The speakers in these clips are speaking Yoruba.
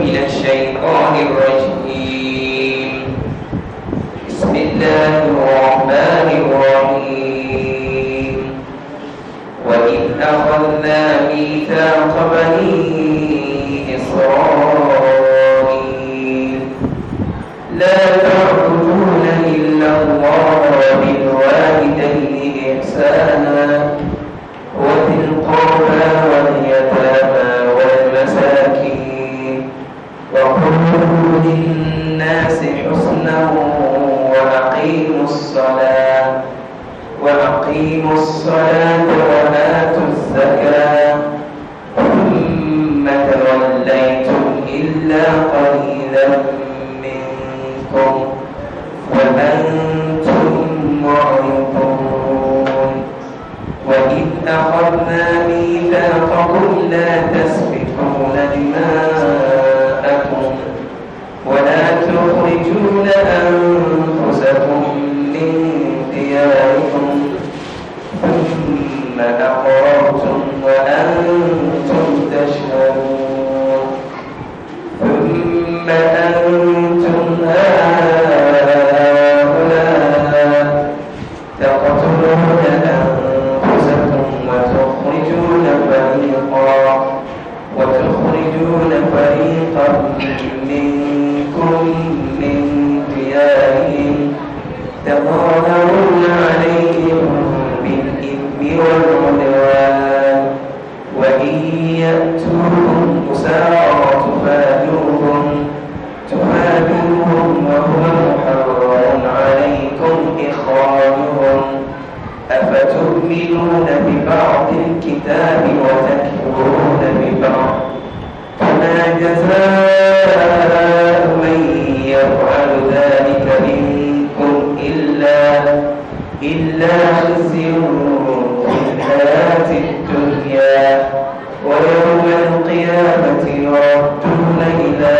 من الشيطان الرجيم منا أفتؤمنون ببعض الكتاب وتكفرون ببعض فما جزاء من يفعل ذلك منكم إلا إلا خزي في الحياة الدنيا ويوم القيامة يردون إلى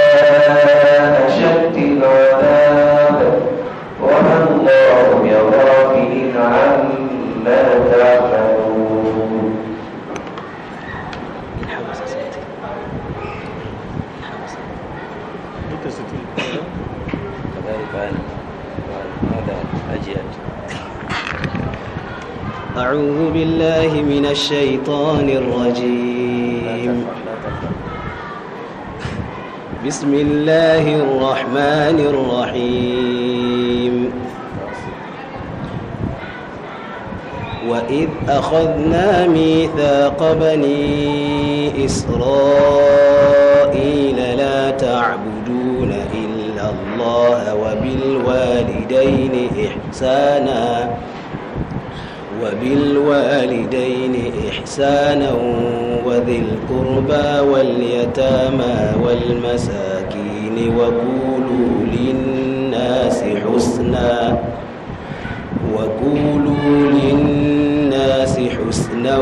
أعوذ بالله من الشيطان الرجيم بسم الله الرحمن الرحيم وإذ أخذنا ميثاق بني إسرائيل لا تعبدون إلا الله وبالوالدين إحساناً وبالوالدين إحسانا وذي القربى واليتامى والمساكين وقولوا للناس حسنا وقولوا للناس حسنا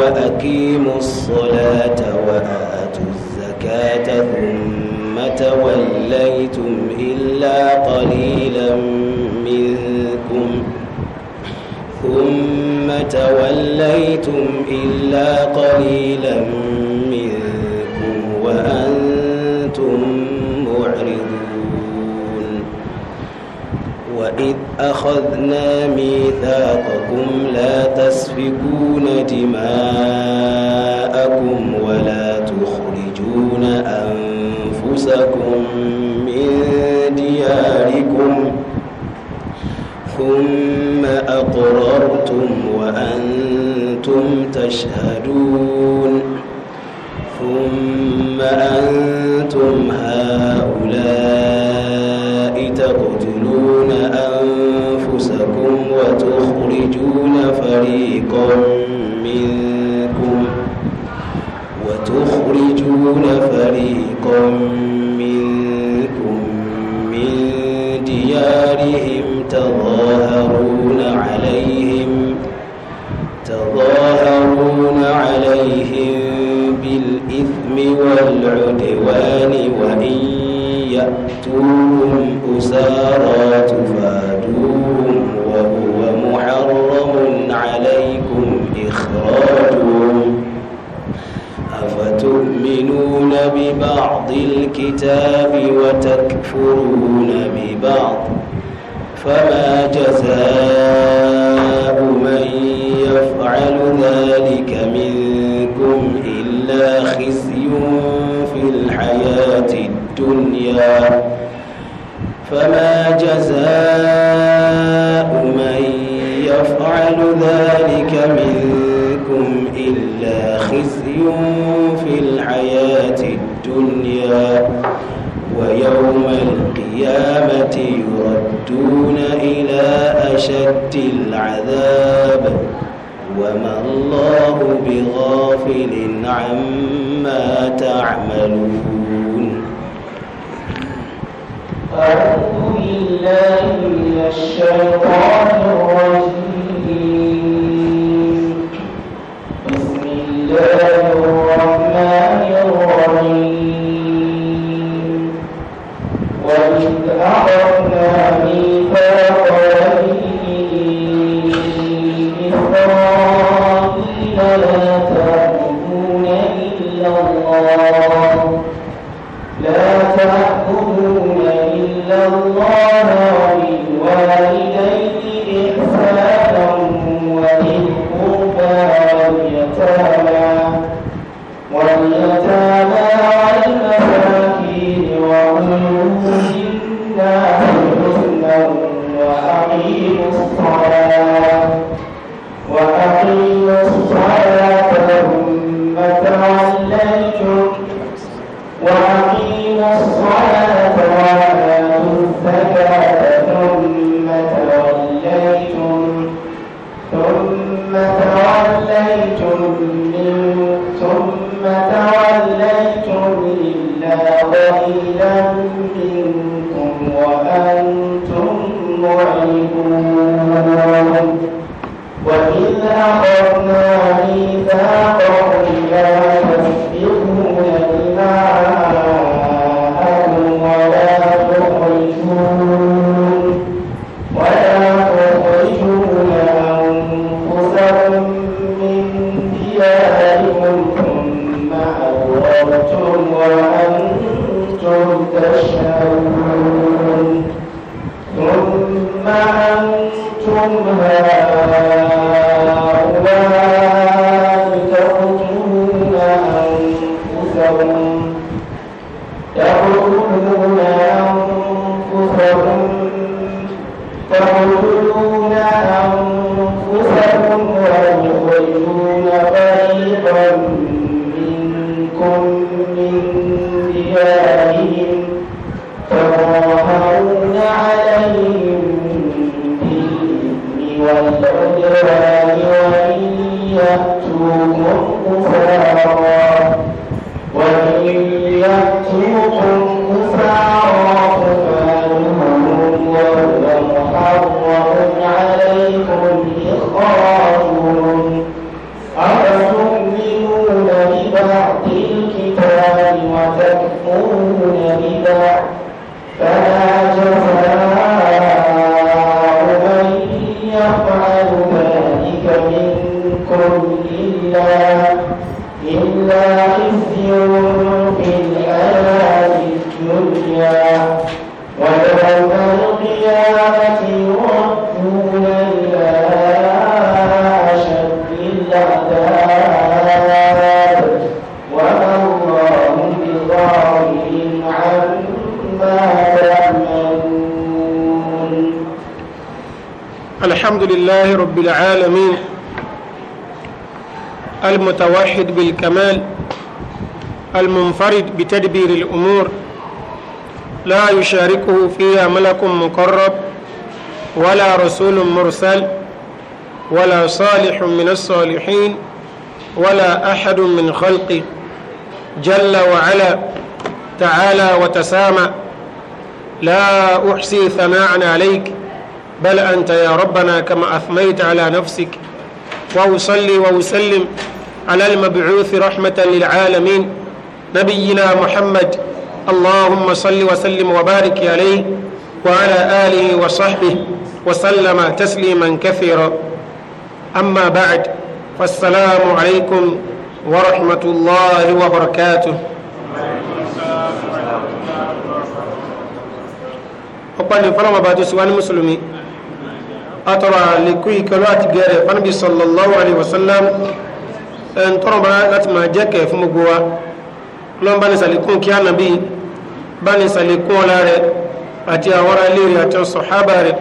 وأقيموا الصلاة وآتوا الزكاة ثم توليتم إلا قليلا منكم ۖ ثم توليتم إلا قليلا منكم وأنتم معرضون وإذ أخذنا ميثاقكم لا تسفكون دماءكم ولا تخرجون أنفسكم من دياركم ثم أقررتم وأنتم تشهدون ثم أنتم هؤلاء تقتلون أنفسكم وتخرجون فريقا منكم وتخرجون فريقا منكم من ديارهم تظاهرون عليهم تظاهرون عليهم بالإثم والعدوان وإن يأتوهم أسارى تفادوهم وهو محرم عليكم إخراجهم أفتؤمنون ببعض الكتاب وتكفرون ببعض فما جزاء من يفعل ذلك منكم إلا خزي في الحياة الدنيا فما جزاء من يفعل ذلك منكم منكم إلا خزي في الحياة الدنيا ويوم القيامة يردون إلى أشد العذاب وما الله بغافل عما تعملون أعوذ بالله من الشيطان الرجيم الله الرحمن الرحيم وإذ أخذنا ميثاق المتوحد بالكمال المنفرد بتدبير الأمور لا يشاركه فيها ملك مقرب ولا رسول مرسل ولا صالح من الصالحين ولا أحد من خلقه جل وعلا تعالى وتسامى لا أحصي ثناء عليك بل أنت يا ربنا كما أثنيت على نفسك وأصلي وأسلم على المبعوث رحمة للعالمين نبينا محمد اللهم صل وسلم وبارك عليه وعلى آله وصحبه وسلم تسليما كثيرا أما بعد فالسلام عليكم ورحمة الله وبركاته ọpẹ́ ní بعد bá tó sì wá ní mùsùlùmí النبي صلى الله عليه وسلم ntọrọba láti máa jẹ́ kẹ́ fún gbogbo wa lọ́n bá ní sàlékún kí ànábì bá ní sàlékún ọlá rẹ̀ àti àwọn ará rẹ̀ àti sàhábà rẹ̀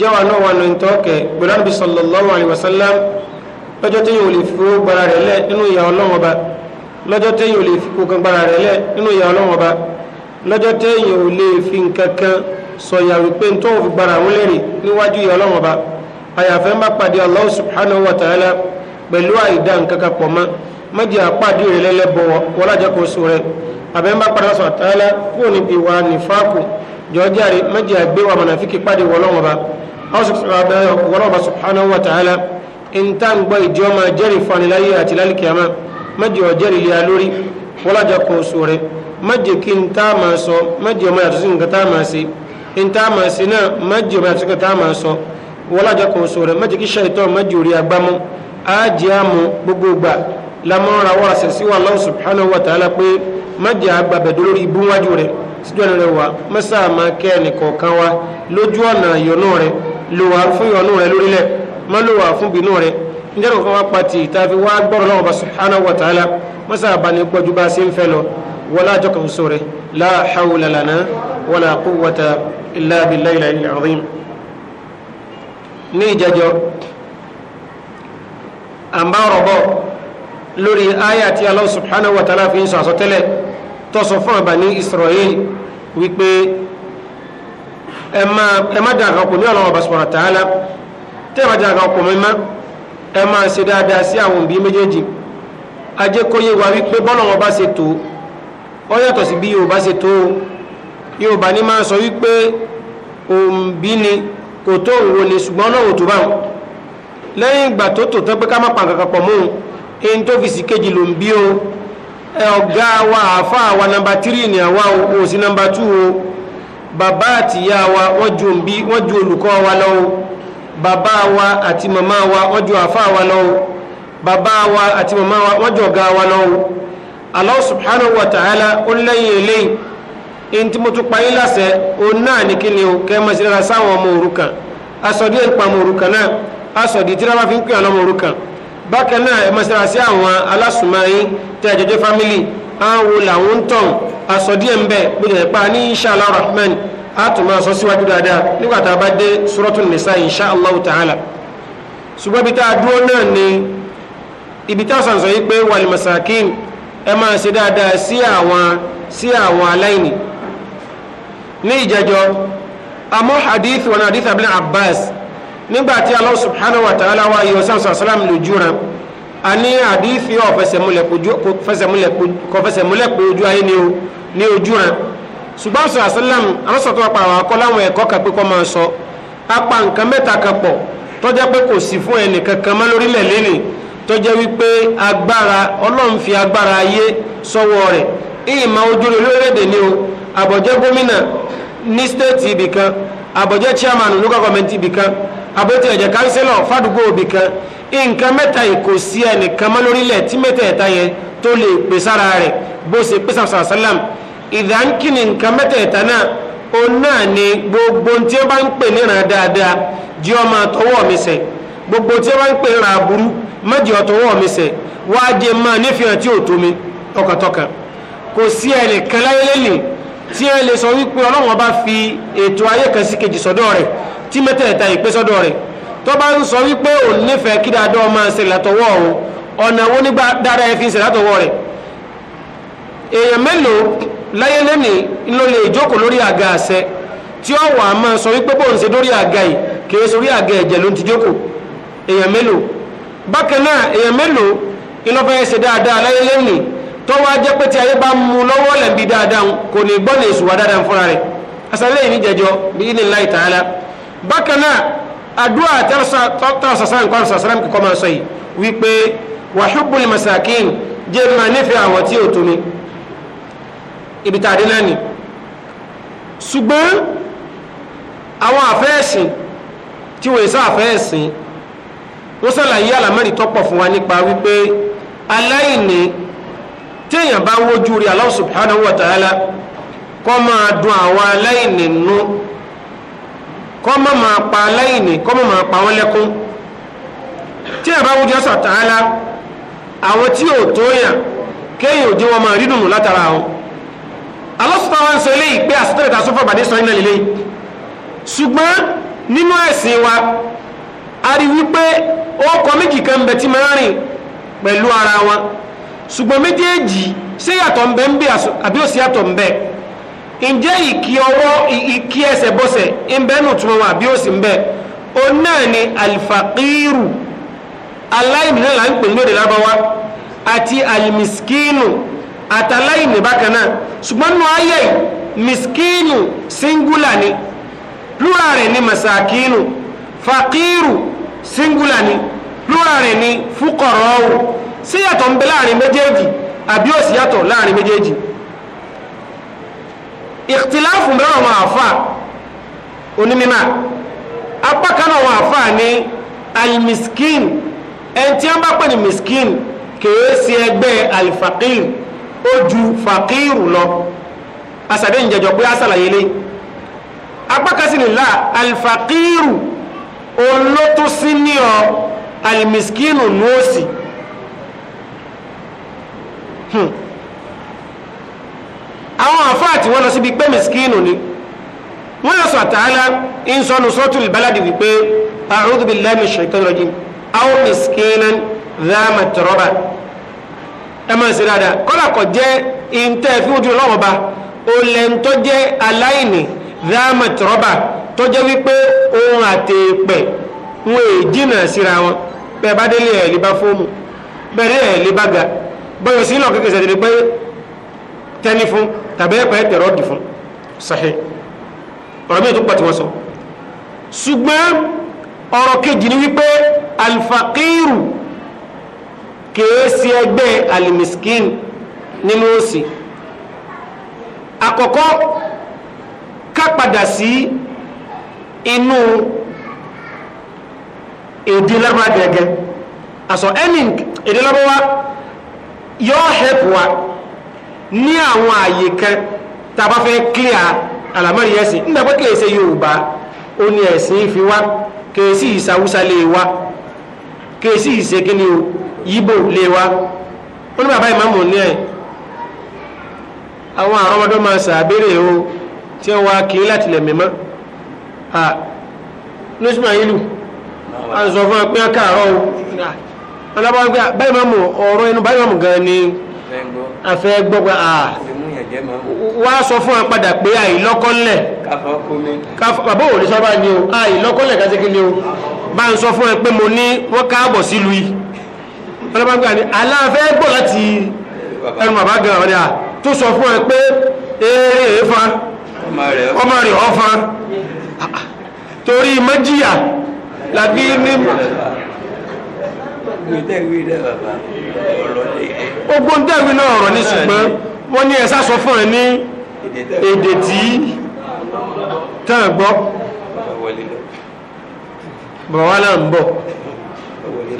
jẹ́wà náà wà ní ntọ́kẹ̀ pẹ̀lú ànábì sallallahu alaihi wasallam lọ́jọ́ tí yóò lè fi owó gbára rẹ̀ lẹ̀ nínú ìyà ọlọ́wọ́n ba lọ́jọ́ tí yóò lè fi kókan gbára rẹ̀ lẹ̀ nínú ìyà ọlọ́wọ́n ba lọ́jọ́ tí yóò lè fi nǹkan kan sọ̀yà wípé tó fi gbára àwọn lẹ́rìí níwájú ìyà ọlọ́wọ́n ba àyàfẹ́ má pàdé Allah subhanahu wa ta'ala pẹ̀lú àìdá nǹkan kan pọ̀ mọ́ mẹ́jì àpàdé rẹ̀ lẹ́lẹ́bọ̀ wọlájẹ́kọ̀ọ́sọ rẹ̀ àbẹ́mbà padà sọ àtàlá kúrò níbi ìwà nífàkù jọjáre mẹ́jì àgbéwà mọ̀nàfíkì pàdé wọlọ́wọ́ba wọlọ́wọ́ba subhanahu wa ta'ala ìntàǹgbọ́ ìjọba jẹ́rìí faniláyé àti lálìkìyàmá mẹ́jì ọ̀jẹ́rìí lé lórí wọlájẹ́kọ̀ọ́sọ rẹ̀ mẹ́jì kí n tá máa sọ mẹ́jì ọmọ yàtọ̀ sí nǹkan tá máa ṣe n tá máa ṣe náà mẹ́jì ọmọ yàtọ̀ sí nǹkan tá máa sọ wọlájẹ́kọ̀ọ́sọ rẹ̀ mẹ́jì kí ṣàìtọ́ mẹ́jì orí agbámú ájíàmù gbogbo gbà lamọ́ra wà sẹ̀sí wà Allah subhanahu wa ta'ala pé májì àgbàbẹ̀dó lórí ibú wájú rẹ̀ síjọ́ rẹ̀ wà mẹ́sà máa kẹ́ ẹnìkọ̀ọ̀kan wa lójú ọ̀nà ìyọnú rẹ̀ lò wá fún ìyọnú rẹ̀ lórílẹ̀ má lò fún bínú rẹ̀ níjẹ́rù fún wa pati ìtàfi wá gbọ́rọ̀ náà wà subhanahu wa ta'ala mẹ́sà àbáni pọ̀jú bá sí ń fẹ́ lọ wọlá àjọkàn sóre la hawla lana wala quwwata illa billahi al-azim ní ìjẹjọ́ à ń bá ọ̀rọ̀ bọ̀ lórí àyà tí Allah subhanahu wa ta'ala fi ń sọ àsọtẹ́lẹ̀ tó sọ fún Bani Israel wípé ẹ má dàn kan kò ní Allah subhanahu wa ta'ala tẹ́ ẹ má dàn kan kò mímá ẹ máa ṣe dáadáa sí àwọn òbí méjèèjì ajé kó yé wa wípé bọ́lá wọn bá ṣe tó ó yàtọ̀ sí bí Yorùbá ṣe tó Yorùbá ní máa sọ wípé òǹbí ni kò tó òun ni ṣùgbọ́n náà wò tó báwọn lẹ́yìn ìgbà tó tò tán pé ká má pa nǹkan kan pọ̀ mọ́ ohun tó fi sí kejì ló ń bí o ọ̀gá wa àáfà wa nọmba tírì ní àwa o sí nọmba tú o bàbá àtìyá wa wọ́n ju òǹbí wọ́n ju olùkọ́ wa lọ o bàbá wa àti màmá wa wọ́n ju àáfà wa lọ o bàbá wa àti màmá wa wọ́n ju ọ̀gá wa lọ o Allah subhanahu wa ta'ala ó lẹ́yìn eléyìí in tí mo tún pa yín láṣẹ òun náà ní kí ni o kẹ́ ẹ máa ṣe dára sáwọn ọmọ òrukàn aṣọ asọ̀dì tí wọ́n fi ń pè ọlọ́mọ òrukàn bákan náà ẹ mọ̀sára sí àwọn alásùnmọ́ yín tẹ́ ẹ̀jọ̀jọ́ fámìlì àwọn wo làwọn ń tàn asọ̀dì ẹ̀ ń bẹ̀ bó ti pa ní inshallah rahman àtùmọ̀ sọ síwájú dáadáa nígbà tá a bá dé suratul nisa inshallah ta'ala ṣùgbọ́n ibi tá a dúró náà ni ibi tá a sàn sọ yìí pé wal masakin ẹ máa ṣe dáadáa sí àwọn sí àwọn aláìní ní ìjẹjọ àmọ́ hadith wọn hadith abdul abbas nígbàtí Allah subhanahu wa ta'ala wa yíò sáwọn sàlám lójú rẹ̀ a ní àdífi ọ̀ fẹsẹ̀múlẹ̀ pé ojú ayé ní ojú rẹ̀ ṣùgbọ́n sọ àsálàmù arọ́sọ̀tọ́ apá àwọn akọ́ láwọn ẹ̀kọ́ kan pé kọ́ máa sọ apá nǹkan mẹ́ta kan pọ̀ tọ́já pé kò sí fún ẹnì kankan mọ́ lórílẹ̀ lẹ́nìí tọ́já wípé agbára ọlọ́run fi agbára ayé sọ́wọ́ rẹ̀ ìmọ̀ ojú lórílẹ̀-èdè ni o àbọ̀jẹ́ gómìnà ní stéètì ibìkan àbọ̀jẹ́ chairman local government ibìkan àbótí ẹ̀jẹ̀ kánsílọ̀ fàdúgbò òbí kan nǹkan mẹ́ta ìkò sí ẹnìkan mọ́ lórílẹ̀ tí mẹ́tẹ̀ẹ̀ta yẹn tó lè pè sára rẹ̀ bó ṣe pé sàmsàn sálàm ìdánkìní nǹkan mẹ́tẹ̀ẹ̀ta náà òun náà ni gbogbo tí wọ́n bá ń pè níran dáadáa jẹ́ ọmọ àtọwọ́ mi sẹ̀ gbogbo tí wọ́n bá ń pè níran aburú mẹ́jẹ̀ ọ̀tọwọ́ mi sẹ̀ wáá jẹ́ máa nífihàn tí ò tó mi tọkàntọkàn kò sí ẹnìkan láyé lélẹ̀ tí ẹ lè sọ wípé ọlọ́run ọba fi ètò ayé kan sí kejì sọ́dọ̀ rẹ̀ tí mẹ́tẹ̀ẹ̀ta yìí pé sọ́dọ̀ rẹ̀ tó bá ń sọ wípé òun nífẹ̀ẹ́ kí dáadọ́ ọmọ ṣe látọwọ́ òun ọ̀nà wo nígbà dáadáa ẹ fi ṣe látọwọ́ rẹ̀ èèyàn mélòó láyé lẹ́nì ló lè jókòó lórí àga àṣẹ tí ó wà á máa sọ wípé bóun ṣe dórí àga yìí kìí sórí àga ẹ̀jẹ̀ ló ti jókòó èèyàn mélòó bákan náà èèyàn mélòó ìlọ́fẹ́ ṣe dáadáa láyé lẹ́nì tó wá jẹ́ pé tí ayé bá mú lọ́wọ́ lẹ́bi dáadáa kò ní gbọ́ lè sùwà dáadáa fúnra rẹ̀ asàlẹ́ yìí jẹjọ bí ní láì tààlà bákan náà àdúrà tọ́lá sàṣà nǹkan sàṣàrà kò máa sọ yìí wípé wa hubbul masakin jẹ́ máa nífẹ̀ẹ́ àwọn tí ò tó ibi tàdé náà ni ṣùgbọ́n àwọn àfẹ́ẹ̀sìn tí wọ́n sá àfẹ́ẹ̀sìn wọ́n sàlàyé àlàmẹ́rì tọ́pọ̀ fún wa nípa wípé aláìní téèyàn bá wójú rí Allah subhanahu wa ta'ala kọ́ máa dun àwọn aláìní nú. No kọ́mọ máa pa aláìní kọ́mọ máa pa wọ́n lẹ́kún tí a bá wújọ sọ̀tàálá àwọn tí ò tó yàn kéèyàn ò wọn máa rí dùnú látara wọn alọ́sọ̀tà wọn sọ eléyìí pé àsìtẹ́rẹ̀ tá sọ́fọ̀ sọ iná wa a rí wípé méjì kan bẹ ara wọn ṣùgbọ́n méjèèjì ṣé yàtọ̀ ń bẹ ń ǹjẹ́ ìkí ọwọ́ ìkí ẹsẹ̀ bọ́sẹ̀ ìbẹ́nu túnmọ̀ wọn àbí òsì ń bẹ́ o náà ni alifakiru aláìní là ń pè ní èdè lábáwá àti alimiskinu àtàláìní bákan náà ṣùgbọ́n nínú ayé miskinu singular ni plural rẹ̀ ni masakinu fakiru singular ni plural rẹ̀ ni fukọrọ́wù sí yàtọ̀ ń láàrin méjèèjì àbí òsì yàtọ̀ láàrin méjèèjì ìtìláàfù mìíràn àwọn àfa onímọ̀ apá kan àwọn àfa ní alimiskin ẹni tí wọ́n bá pè ní miskin kèé sí ẹgbẹ́ alifakir ó ju fakiru lọ asàdé ìjẹjọ pé asàlàyé lé apá kan sì nílá alifakiru olótósí ní ọ alimiskinu nùọ́sì. Hmm àwọn àfáà tí wọ́n lọ síbi pé mìskínù ni wọ́n lọ sọ àtàlà ń sọnù suratul baladi wípé a'udhu billahi minash shaitanir rajim aw miskinan dha matraba ẹ máa ń ṣe dáadáa kọ́lá kọ̀ jẹ́ ìntẹ́ fi ojú ọlọ́wọ́ ba olẹ́ńtọ́ jẹ́ aláìní dha matraba tó jẹ́ wípé ohun àtẹ̀pẹ̀ wọn èè jìnà síra wọn bẹ́ẹ̀ bá délé ẹ̀ lè bá fóòmù bẹ́ẹ̀ lè bá ga bọ́yọ̀ sí ìlọ kékeré sẹ́dẹ̀ẹ́dẹ́ tẹ́ni fún tàbí ẹ̀pẹ́ tẹ̀rọ dì fún sahih ọ̀rọ̀ mi tó pàtí wọ́n sọ ṣùgbọ́n ọ̀rọ̀ kejì ni wípé alfaqiru kèésì ẹgbẹ́ alimiskin nínú òsì àkọ́kọ́ kápadà sí inú èdè lábàá gẹ́gẹ́ àsọ ẹnì èdè lábàá wa yọ help wa. ní àwọn àyè kan tàbá fẹ́ clear àlàmọ́rí ẹ̀sìn nígbà kèèsè yorùbá ó ní ẹ̀sìn fi wá kèèsì ìsàwúsá lè wá kèèsì ìsèkíní yíbò lè wá ó ní bàbá ìmáàmù ní ẹ̀ àwọn àrọ́mọdọ́ máa o tí wá kí a o báyìí máa ọ̀rọ̀ inú báyìí máa a afẹ́ gbọ́ pé a ah. wá sọ fún wa padà pé àìlọ́kọ́lẹ̀ ah, bàbá òwò lè sọ bá ní o àìlọ́kọ́lẹ̀ ah, ká sékè ní o bá ń sọ fún ẹ pé mo ní wọ́n káàbọ̀ sílùú yìí ọlọ́pàá gbà ní aláfẹ́ gbọ́ láti ẹnu bàbá gan ọ̀dà tó sọ fún ẹ pé eré èéfa ọmọ rẹ̀ ọ̀fa torí mọ́jìyà làbí ní gbogbo ntẹ́wé náà ọ̀rọ̀ ní ṣùgbọ́n wọ́n ní ẹ̀sà sọ fún ẹ ní èdè tí tán gbọ́ bàbá wa náà ń bọ̀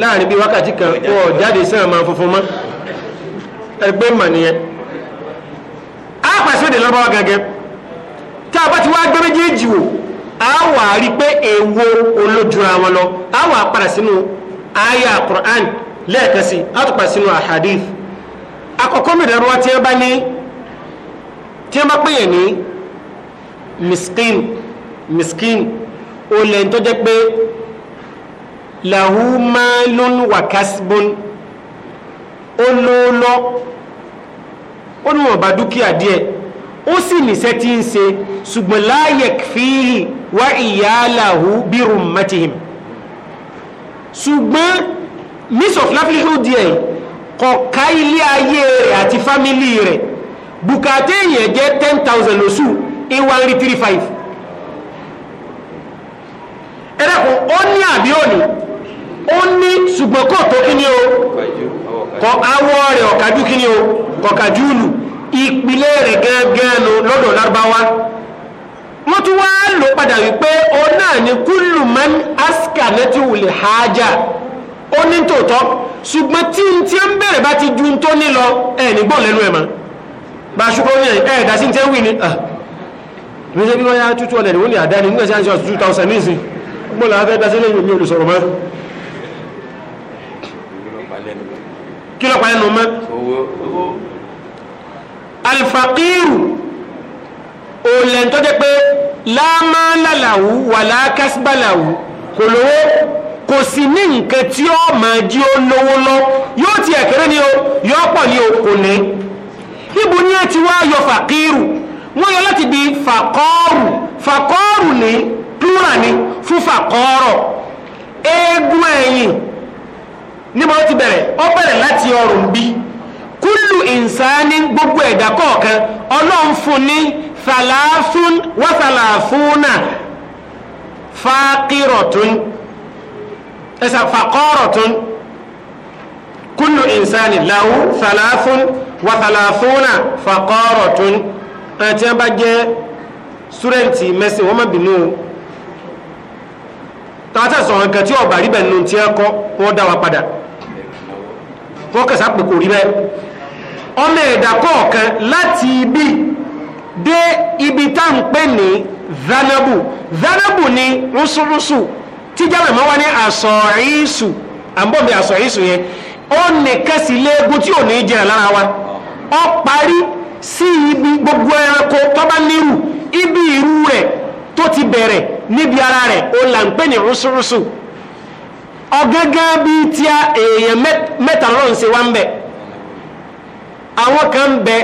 láàrin bí wákàtí kan wọ́n jáde sẹ́wọ̀n máa funfun mọ́ ẹgbẹ́ mà nìyẹn á pàṣẹ èdè lọ́wọ́ gẹ́gẹ́ tá a bá ti wá gbé méjèèjì wò á wà á rí pé èèwo olójúra wọn lọ á wà sínú aya quran lẹ́ẹ̀kẹsì àtùpà sínú ahadith àkọ́kọ́ mẹ́rẹ̀ẹ́rọ tí wọ́n bá ní tí wọ́n bá pè yẹn ní miskin miskin ó lẹ́yìn tó jẹ́ pé lahu wa kasbun ó lóólọ́ ó ní wọ́n bá dúkìá díẹ̀ ó sì níṣẹ́ tí ń ṣe ṣùgbọ́n la yakfihi wa iyalahu bi rummatihim ṣùgbọ́n miss of livelihood díẹ̀ kọ̀ọ̀ká ilé ayé rẹ̀ àti fámílì rẹ̀ bùkátà èèyàn jẹ́ ten thousand lóṣù in one three three five ẹ̀rẹ́kùn ó ní àbí òní ó ní ṣùgbọ́n kò tó kí ni o kọ awọ rẹ̀ ọ̀kájú kí ni o kọ̀kájú lù ìpìlẹ̀ rẹ̀ gẹ́gẹ́ lọ́dọ̀ lárúbáwá wọ́n tún wá lò padà wípé ó náà ní kúlù man aska nẹ́tí wùlẹ̀ hájà ó ní tòótọ́ ṣùgbọ́n tí n tí ń bẹ̀rẹ̀ bá ti ju tó ní lọ ẹ̀ ní gbọ́n lẹ́nu ẹ̀ mọ́ bá ṣùgbọ́n ní ẹ̀ dá sí ti ń wí ni mi ṣe bí wọ́n yá tútù ọ̀lẹ̀ ìwọ́n ní àdá ni nígbà tí a ń ṣe ọ̀sùn two olè ń tọ́jẹ́ pé la láàmàlàlàwù wàlá kásbàlàwù kò lówó kò sí ní nǹkan tí ó máa jí ó lówó lọ yóò ti ẹ̀kẹ́rẹ́ ni o yóò pọ̀ ni o kò ní ibo ni ẹ ti wá yọ fàkírù wọ́n yọ láti di fàkọ́ọ̀rù fàkọ́ọ̀rù ní plural ni fún fàkọ́ọ̀rọ̀ eegun ẹ̀yìn ní ma ó ti bẹ̀rẹ̀ ó bẹ̀rẹ̀ láti ọrùn bí kúlù ìnsáni gbogbo ẹ̀dá kọ̀ọ̀kan ọlọ́run fún ni salasun wa salafuna faqirotun ẹsẹ eh, faqorotun kullu insani lahu salasun wa salafuna faqorotun àti eh, ẹbá jẹ́ súrẹ́ǹtì mẹ́sìn wọ́n má bínú tààtà sọ̀rọ̀ nǹkan tí ọ̀bà rí bẹ̀ẹ̀ nù tí ẹ kọ́ wọ́n dá wa padà wọ́n kẹsà pè rí bẹ́ẹ̀ ọmọ ẹ̀dà kọ̀ọ̀kan láti ibi dé ibi tá ń pè ní zanabu zanabu ni rúsúrúsù tí jálẹ̀mọ́ wá ní àsọ̀rísù àbọ̀bí àsọ̀rísù yẹn ó nìkan sí léegun tí ò ní lára wa ó parí sí ibi gbogbo ẹranko tó bá ibi iru rẹ tó ti bẹ̀rẹ̀ níbi ara rẹ̀ ó là ń pè ní rúsúrúsù ọ̀gángan a èèyàn wa ń bẹ àwọn kan ń bẹ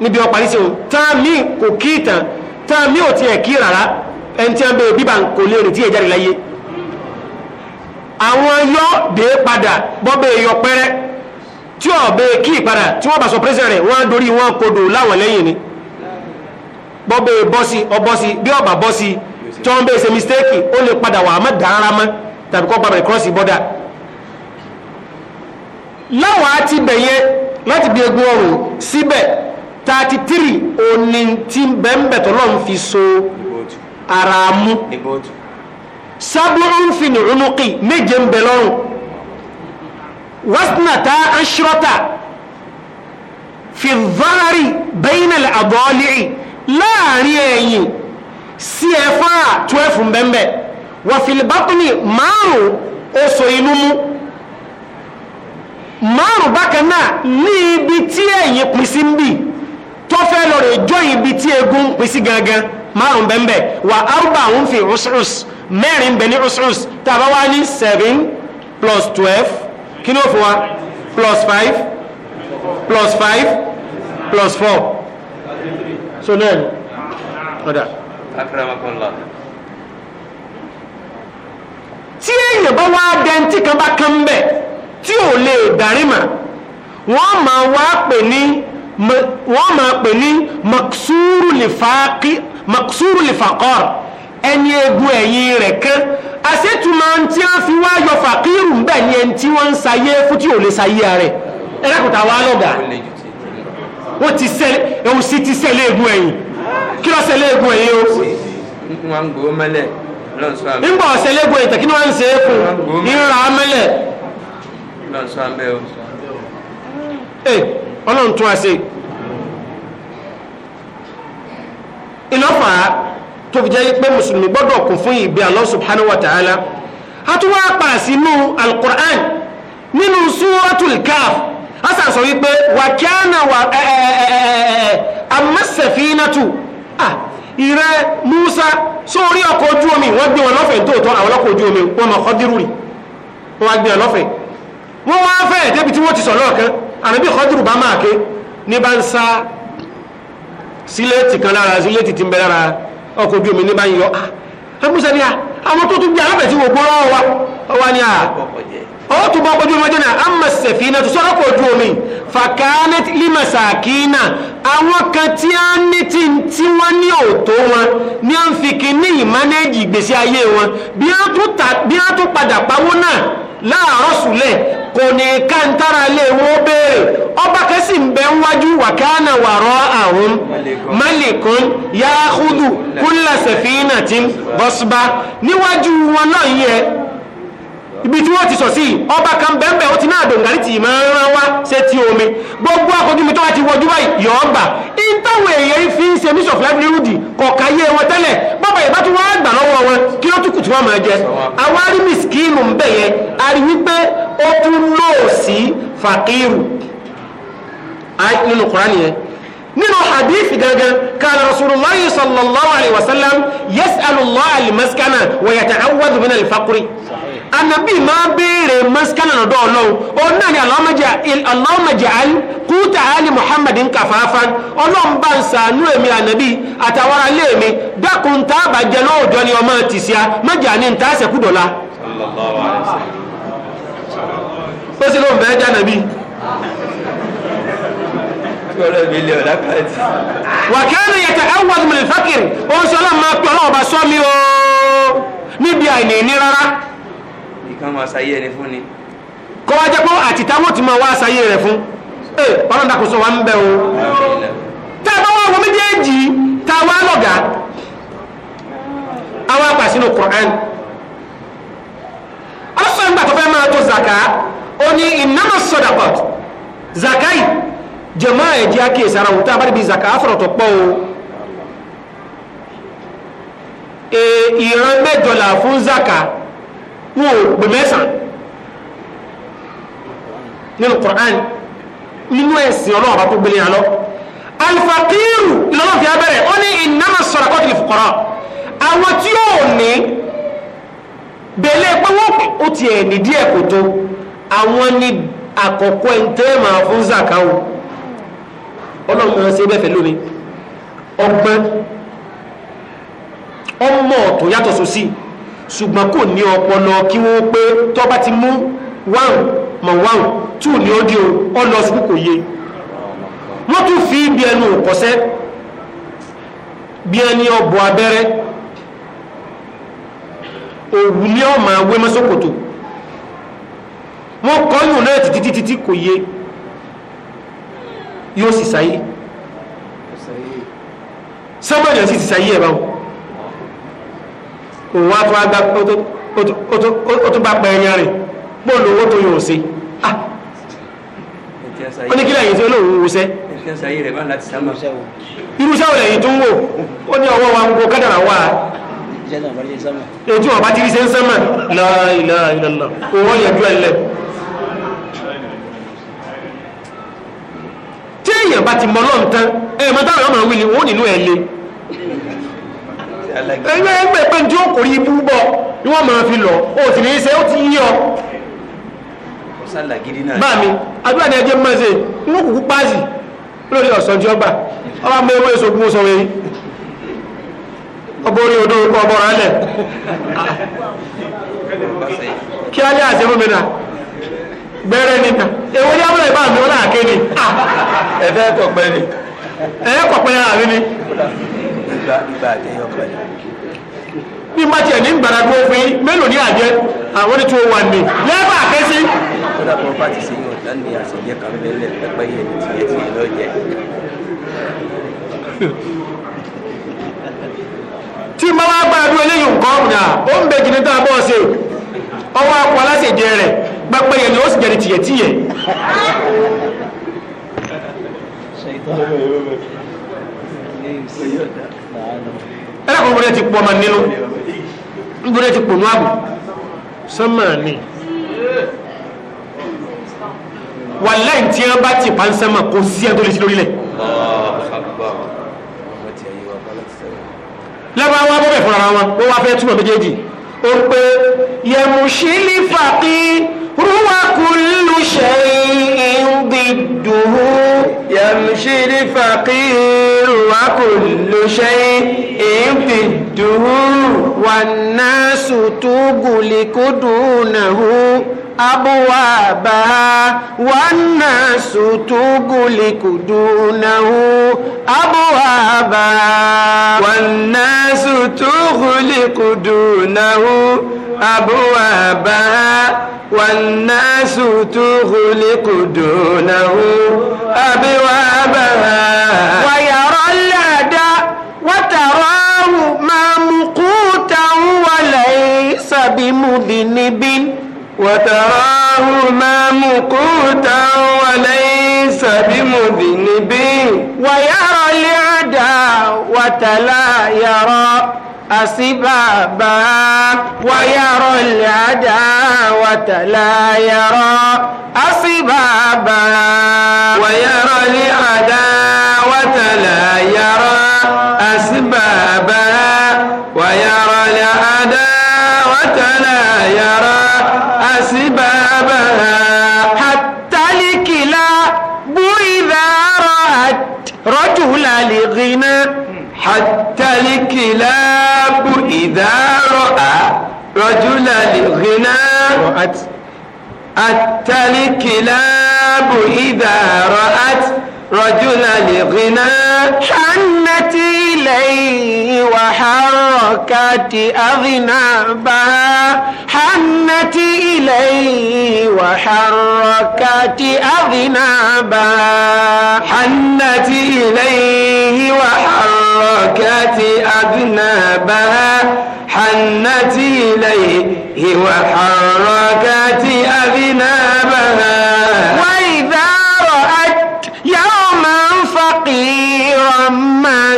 níbi ọparí sí o táàmì kò kí ìtàn táàmì ò tiẹ̀ kí rárá ẹni tí wọ́n bẹ̀rẹ̀ bíbá kò lè rìn tí èjáde láyé àwọn yọ dé padà bọ́bẹ̀ yọ pẹ́rẹ́ tí ọ̀bẹ kí ìpadà tí wọ́n bá sọ pẹ́sẹ̀ rẹ̀ wọ́n dorí wọn kodò láwọn lẹ́yìn ni bọ́bẹ̀ bọ́sí ọbọ́sí bí ọba bọ́sí tí wọ́n bẹ̀ ṣe mistake ó lè padà wà á má dára mọ́ tàbí kọ́ gbàgbẹ́ cross border láwọn á ti bẹ̀yẹ láti bí egun ọrùn síbẹ̀ 33 three òní tí bẹ́ẹ̀nbẹ̀tọ̀ náà ń fi so ara mú sábúrú ń fi nìrúnúkì méje ń bẹ lọ́rùn wàsínàtà aṣọ́tà fi zahari bẹ́ẹ̀nàlẹ̀ àbọ̀ọ́lì láàrin ẹ̀yìn sí ẹ̀fà twelve ń bẹ́ẹ̀nbẹ̀ wàfìlìbákùnì márùn-ún oṣù inú mú márùn-ún ní ibi tí ẹ̀yìn pín sí ń bì tó fẹ́ lọ rè jó ibi tí egun pín sí gangan márùn bẹ́ẹ̀ wà arúgbó àwọn fi rúṣrúṣ mẹ́rin bẹ́ẹ̀ ní rúṣrúṣ tá a bá wá ní seven plus twelve kí ló fún wa plus five plus five plus four so then, ni ọ̀dà. tí èèyàn bá wá dẹ́ntì kan bá kán bẹ̀ tí ò lè dárí mà wọ́n máa wá pè ní wọ́n máa pè ní maksuru lifakor ẹni egun ẹ̀yìn rẹ̀ kán àṣetùmọ̀ tí wọ́n fi wá yọ fàkírù bẹ́ẹ̀ ni ẹni tí wọ́n ń sayé fún tí ò lè sayé rẹ̀ ẹ̀rẹ́kùtà wa lọ́gà wọ́n ti sẹ́lẹ̀ ẹ̀hùn sí ti sẹ́lẹ̀ egun ẹ̀yìn kí ló sẹ́lẹ̀ egun ẹ̀yìn o. ńgbà ọ̀sẹ̀lẹ̀ egun ẹ̀yìn tẹ̀kí ni wọ́n ń ṣe fún ìrà amẹ́lẹ̀ ọlọ́run tún àṣe ìlọ́fà tó fi jẹ́ pé mùsùlùmí gbọ́dọ̀ kún fún ìbí Allah subhanahu wa ta'ala a tún wá pa sínú al-Qur'an nínú suratul Kahf a sà sọ wípé wà kíánà wà amásẹ̀fínàtù ìrẹ Musa sórí ọkọ̀ ojú omi wọ́n gbé wọn lọ́fẹ̀ẹ́ tóòtọ́ àwọn ọlọ́kọ̀ ojú omi wọ́n mọ̀ kọ́dírù rí wọ́n wá gbé wọn lọ́fẹ̀ẹ́ wọ́n wá fẹ́ẹ̀ débi tí wọ́n ti sọ lọ́ọ̀kan ànábì kọ́dùrù bá máa ké ní bá ń sá síléètì kan lára síléètì tí ń bẹ lára ọkọ̀ ojú omi ní bá ń yọ ẹgbùsẹ̀ ah, àwọn tó tún bí alábẹ̀ tí gbogbo ọwọ́ wa ọwọ́ ni à ọwọ́ tó bọ́ ojú omi jẹ́ náà amma safina tó sọ́rọ́ kò ojú omi fakanat limasakina àwọn kan tí a ní tí tí wọ́n ní òótọ́ wọn ní à ń fi kíní ìmánéjì ìgbésí ayé wọn bí a tún padà pawó náà láàárọ̀ sùlẹ̀ kò ní káńtàrà lè wọ́n béèrè ọba kẹsì ń bẹ wájú wàkánà wàrọ́ àwọn malikun yaahudu kúlẹ̀sẹ̀fínà tí bọ́sùbá níwájú wọn náà yẹ ibi tí wọ́n ti sọ sí ọba kan bẹ́ẹ̀bẹ́ ó ti náà dòǹgàrí tì máa ń rán wá ṣe ti omi gbogbo akọjú mi tó wá ti wọjú báyìí yọ̀ ọ́ gbà ìtàwọn èèyàn fi ń ṣe mí sọ̀fẹ́ lérúdì kọ̀ọ̀ka yé wọn tẹ́lẹ̀ bọ́bá yẹn bá tún wọ́n gbà lọ́wọ́ wọn kí ó túkù tí wọ́n máa jẹ àwọn arí mìsíkìnù ń bẹ̀ yẹn a rí wípé ó tún lóòsì fàkírù nínú Kùránì yẹn nínú hadithi gangan kan rasulullahi sallallahu alaihi wasallam yasalullah almaskana wa yata'awwadu min alfaqri anabi máa béèrè maskana lọ́dọ̀ Ọlọ́run òun náà ni allahumma ja'al kúta ali muhammadin kafafan Ọlọ́run bá ń sàánú èmi anabi àtàwọn alẹ́ mi dákun tá a bá jẹ lóòjọ́ ni ọmọ tìṣíà mọ́jà ní ń tàṣẹ̀kúdọ̀la ó sì lóun bẹ́ẹ̀ jẹ́ anabi. twelve million lákàtì. wàkẹ́rì yẹtẹ ẹwà gbọmọlẹ fẹkẹrì oṣù ọlọ́run máa pe ọlọ́run ọba mi o níbi àìní ní rárá. ìkan ma ṣayé ẹni fún ni. kọ́ wá jẹ́ pé àtìtáwọ́ ti máa wá ṣayé rẹ̀ fún ẹ ọlọ́run wa n bẹ̀ o. tá a bá wà wọ méjèèjì tá a wá lọ̀gá àwọn apà sínú Qur'an ọlọ́sọ̀rọ̀ ń gbà tó zaka ó ní ìnáwó sọ̀dàpọ̀ zakai jẹ̀mọ́ ẹ̀jẹ̀ àkíyèsí ara wọn tá a bá rí bí zaka afọ̀rọ̀tọ̀ pọ̀ o ìran mẹ́jọlá fún zaka wọn ò pè mẹ́sàn nínú Qur'an nínú ẹ̀sìn ọlọ́run bá tó gbélé yàn lọ alifakiru lọ́wọ́ fi abẹ́rẹ́ ó ní ìnáma sọ̀rọ̀ kọ́ tìlẹ̀ fukara àwọn tí ó ní bẹ̀lẹ́ pé wọ́n ó tiẹ̀ ní díẹ̀ kò tó àwọn ni àkọ́kọ́ ẹ̀ ń tẹ́ máa fún zaka o. ọlọ́run kan ṣe bẹ́ẹ̀ fẹ́ lómi ọgbọ́n ọmọ ọ̀tún yàtọ̀ sósì ṣùgbọ́n kò ní ọpọlọ kí wọ́n pé tó bá ti mú wáhùn mọ̀ wáhùn tù ní ọdí o ọlọ kò yé wọ́n tún fi ibi ẹnu òkọ́sẹ́ bí ẹni ọbọ̀ abẹ́rẹ́ òwú ọmọ awé mọ́sókòtò wọ́n kọ́yùn náà títí títí kò yé yóò sì sáyé sọ́gbọ́n èèyàn sì ti sáyé ẹ̀ báwọn òun á tún agbá ó tún bá pa ẹni rìn bóòlù owó tó yóò ṣe ah! ó ní kí lẹ́yìn tí olóòwò wusẹ́ irúṣẹ́ ò lẹ́yìn tó ń wò ó ní ọwọ́ wa ń kó kádàrà wà á ètò ọ̀bá tí rí sẹ́ ń sẹ́mà láìláìlọ́lọ́ òun ọ̀yẹ̀dú ẹ̀lẹ́kùn téèyàn bá ti mọ lọ́n tán ẹ̀yìn mọ́tà àwọn ọmọ wí ni wọ́n nínú ẹ̀ le ẹgbẹ́ ẹgbẹ́ pé tí ó kò rí ibú bọ̀ ni wọ́n máa fi lọ o sì ní í ṣe ó ti yí ọ. báàmi àdúrà ni ẹjẹ máa ṣe ń wọ́n kúkú páàsì lórí ọ̀sán tí ó gbà ọba mọ ewé èso gbó sọ̀rọ̀ yìí ọgbọ́n orí odó ọgbọ́n ọ̀rọ̀ kí á lé àṣẹ fún mi náà. bẹ̀rẹ̀ nìkan èwo ní abúlé ìbá mi wọn náà ké ni. Ah! ẹ̀fẹ́ kọ̀pẹ́ ni. ni. bí má tiẹ̀ ní gbàrà tó fi mélòó ní àjẹ àwọn ètò wà ní lẹ́bàá kẹ́sí. kódà kan bá ti ṣe yàn lánàá ní àṣeyẹ kan pẹ́pẹ́ yẹn tí ọ̀nà ó ń bẹ ọwọ́ akọ aláṣẹjẹ rẹ̀ pẹpẹ yẹn ni ó sì jẹ ní tìyẹtìyẹ. ẹlẹ́kọ̀ọ́ gbọ́dọ̀ ti pọ̀ ọmọ nínú gbọ́dọ̀ ti pọ̀ nù àbò sọ́mà ni wàláì tí wọ́n bá ti pa ń sẹ́mà kò sí ẹ̀ tó lè sí lórílẹ̀. lọ́wọ́ àwọn abọ́bẹ̀ fúnra wọn wọ́n wá fẹ́ túmọ̀ méjèèjì ó pé yẹmùsílì fàkí rúwà kúlù ṣe ìdìdùhù yẹmùsílì fàkí rúwà kúlù ṣe ìdìdùhù wà náà sùtúgùlì kúdùnàhù. أبوابها والناس تغلق دونه أبوابها والناس تغلق دونه أبوابها والناس تغلق دونه أبوابها ويرى الأداء وتراه ممقوتا وليس بمذنب وتراه ممقوتا وليس بمذنب ويرى العدا وتلا يرى أسبابا ويرى العداوة وتلا يرى أسبابا ويرى العداوة وتلا يرى أسبابا ويرى العداوة وتلا يرى أسبابها حتى الكلاب إذا رأت رجل لغنى حتى الكلاب إذا رأى رجل لغنى رأت حتى الكلاب إذا رأت رجل لغنى حنتي إليه وحركت أذنابها حنت إليه وحركت أذنابها حنت إليه وحركت أذنابها حنت إليه وحركت أذنابها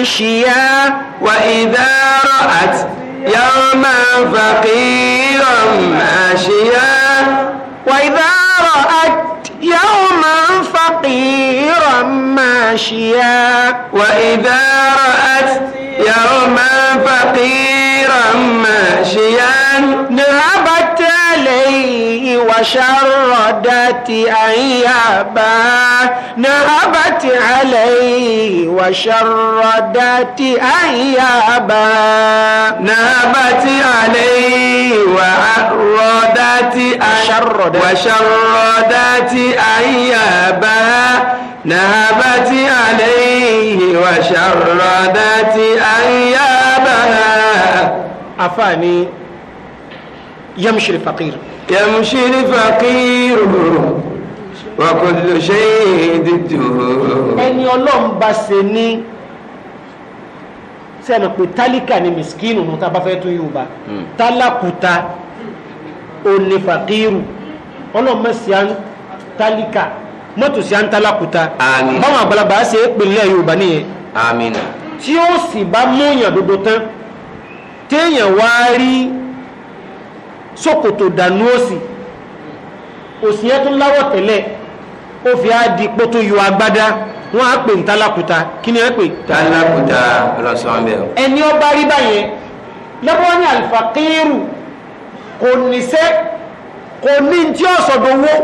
عشيا وإذا رأت يوما فقيرا ماشيا وإذا رأت يوما فقيرا ماشيا وإذا رأت يوما فقيرا ماشيا ذهب وشردت أيابا نهبت علي وشردت أيابا نهبت علي وأردت أشردت وشردت أيابا نهبت عليه وشردت أيابا أفاني يمشي الفقير يمشي الفقير وكل شيء ضده ẹni ọlọ́run bá ṣe ní sẹ́nu pé tálíkà ni mìskínù nù tá a bá fẹ́ tún yóò bá hmm. tálákùúta òní fàkírù ọlọ́run mọ̀ sí án tálíkà mọ́tò sí án tálákùúta báwọn àgbàlagbà ṣe é pinlẹ̀ yóò bá nìyẹn àmín tí ó sì bá múyàn dodo tán téèyàn wá rí sókòtò dànù òsì òsì yẹn tó láwọ̀ tẹ́lẹ̀ ó fi á di pótó yọ agbádá wọ́n á pè ní tálákùtà kí ni ẹ pè. tálákùtà ọlọsàn bẹ. ẹni ọba rí báyẹn lọ́wọ́ ní àlùfàkìrù kò níṣẹ́ kò ní tí ó sọ̀dọ̀ owó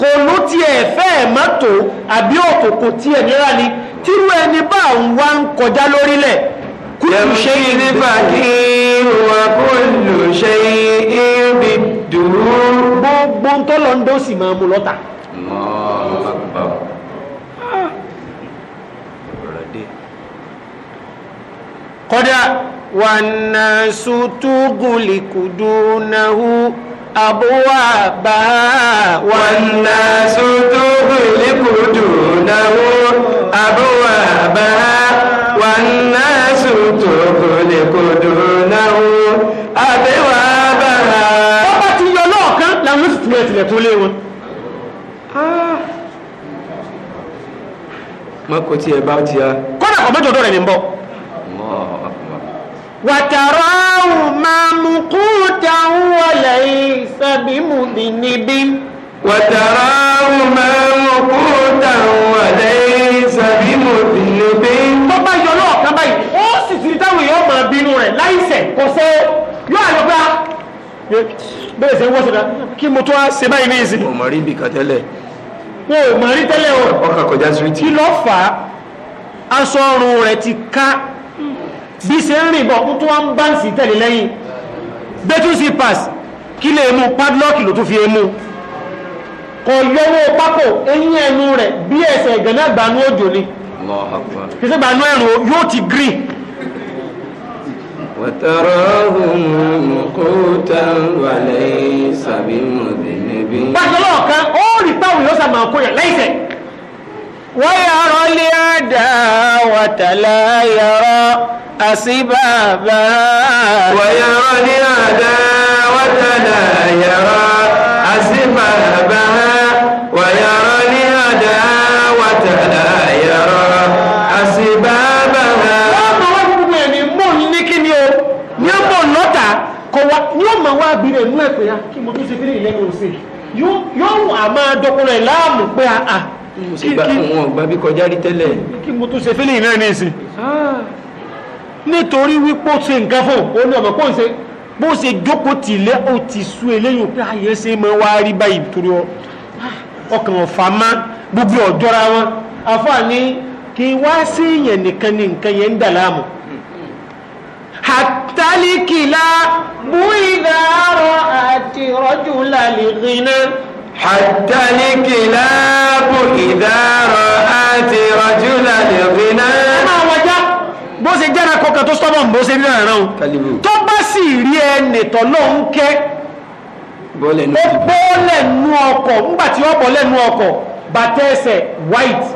kò ló tiẹ̀ fẹ́ẹ̀ mọ́tò àbí òtò kò tiẹ̀ nira ni tírú ẹni bá ń wá ń kọjá lórílẹ̀ kúrú ṣe ní fàkìrù wa kó lò ń tọ́ lọ́ndọ́ sì máa mú lọ́ta. kọ́dà wàhánà sùtúgùlì kùdùnáhù àbúwà bá wàhánà sùtúgùlì kùdùnáhù àbúwà bá wàhánà sùtúgùlì. ẹgbẹ́ tilẹ̀kùn lé wọn ah. mọ́kò tí ẹ bá ti a kọ́nà ọmọdọ̀dọ̀ rẹ̀ ní bọ́ wàtàrọ̀ máa mú kú táwọn wọlé ìsẹ́bímú níbi wàtàrọ̀ máa mú kú táwọn wọlé ìsẹ́bímú níbi tó bá yọ náà kan báyìí ó sì ti táwọn èèyàn máa bínú rẹ̀ láìsẹ̀ kò sẹ́ yóò àyọ̀gbá bẹ́ẹ̀ sẹ́ wọ́sọ̀dá kí mo tó á ṣe báyìí ní ìsìn. wọn ò mọ̀ rí ibìkan tẹ́lẹ̀. wọn mọ̀ rí tẹ́lẹ̀ o. ọkà kọjá sí ti. kí ló fà á aṣọ ọrùn rẹ̀ ti ká bí ṣe ń rìn bọ̀ kó tó wá ń báǹsì tẹ̀lé lẹ́yìn bẹ́tùsì pass kí lè mú padlock ló tún fi mú kò yọwọ́ pákó eyín ẹnu rẹ̀ bí ẹsẹ̀ ìgànnà gbanú òjò ni kìsẹ́ gbanú ẹ̀rùn yóò ti green وتراهم مقوتا وليس بمذنب pàṣẹlọ ọ̀kan ó rí táwọn yóò sábà kó yẹ lẹ́sẹ̀. ويرى العداوة لا يرى أسبابها ويرى العداوة لا يرى أسبابها. máa dọ́kùnrin láàmú pé ah, ah, àà kí kí mo tún ṣe fílì náà ní ìsìn nítorí wípé ó ṣe nǹkan fún òun ní ọmọ pọ́n ṣe bó ṣe jókòó tìlẹ́ ó ti sú eléyìn pé ààyè ah, ṣe mọ́ wá rí báyìí torí ọkàn ọ̀fà má gbogbo ọ̀jọ́ra wọn afáà ní kí wá sí èèyàn nìkan ní nǹkan yẹn ń dà láàmú àtàlíkìlá bú ìdárọ̀ àti rọ́jùlá lè rìnà حتى الكلاب إذا رأت رجلا غنى bó ṣe jẹ́ra kọkàn tó sọ́bọ̀ bó ṣe rí ẹ̀rọ tó bá sì rí ẹnì tọ́ ló ń kẹ́ ó bọ́ọ̀lẹ̀nu ọkọ̀ ńgbà tí ó bọ́ọ̀lẹ̀nu ọkọ̀ bàtẹ́ẹsẹ̀ white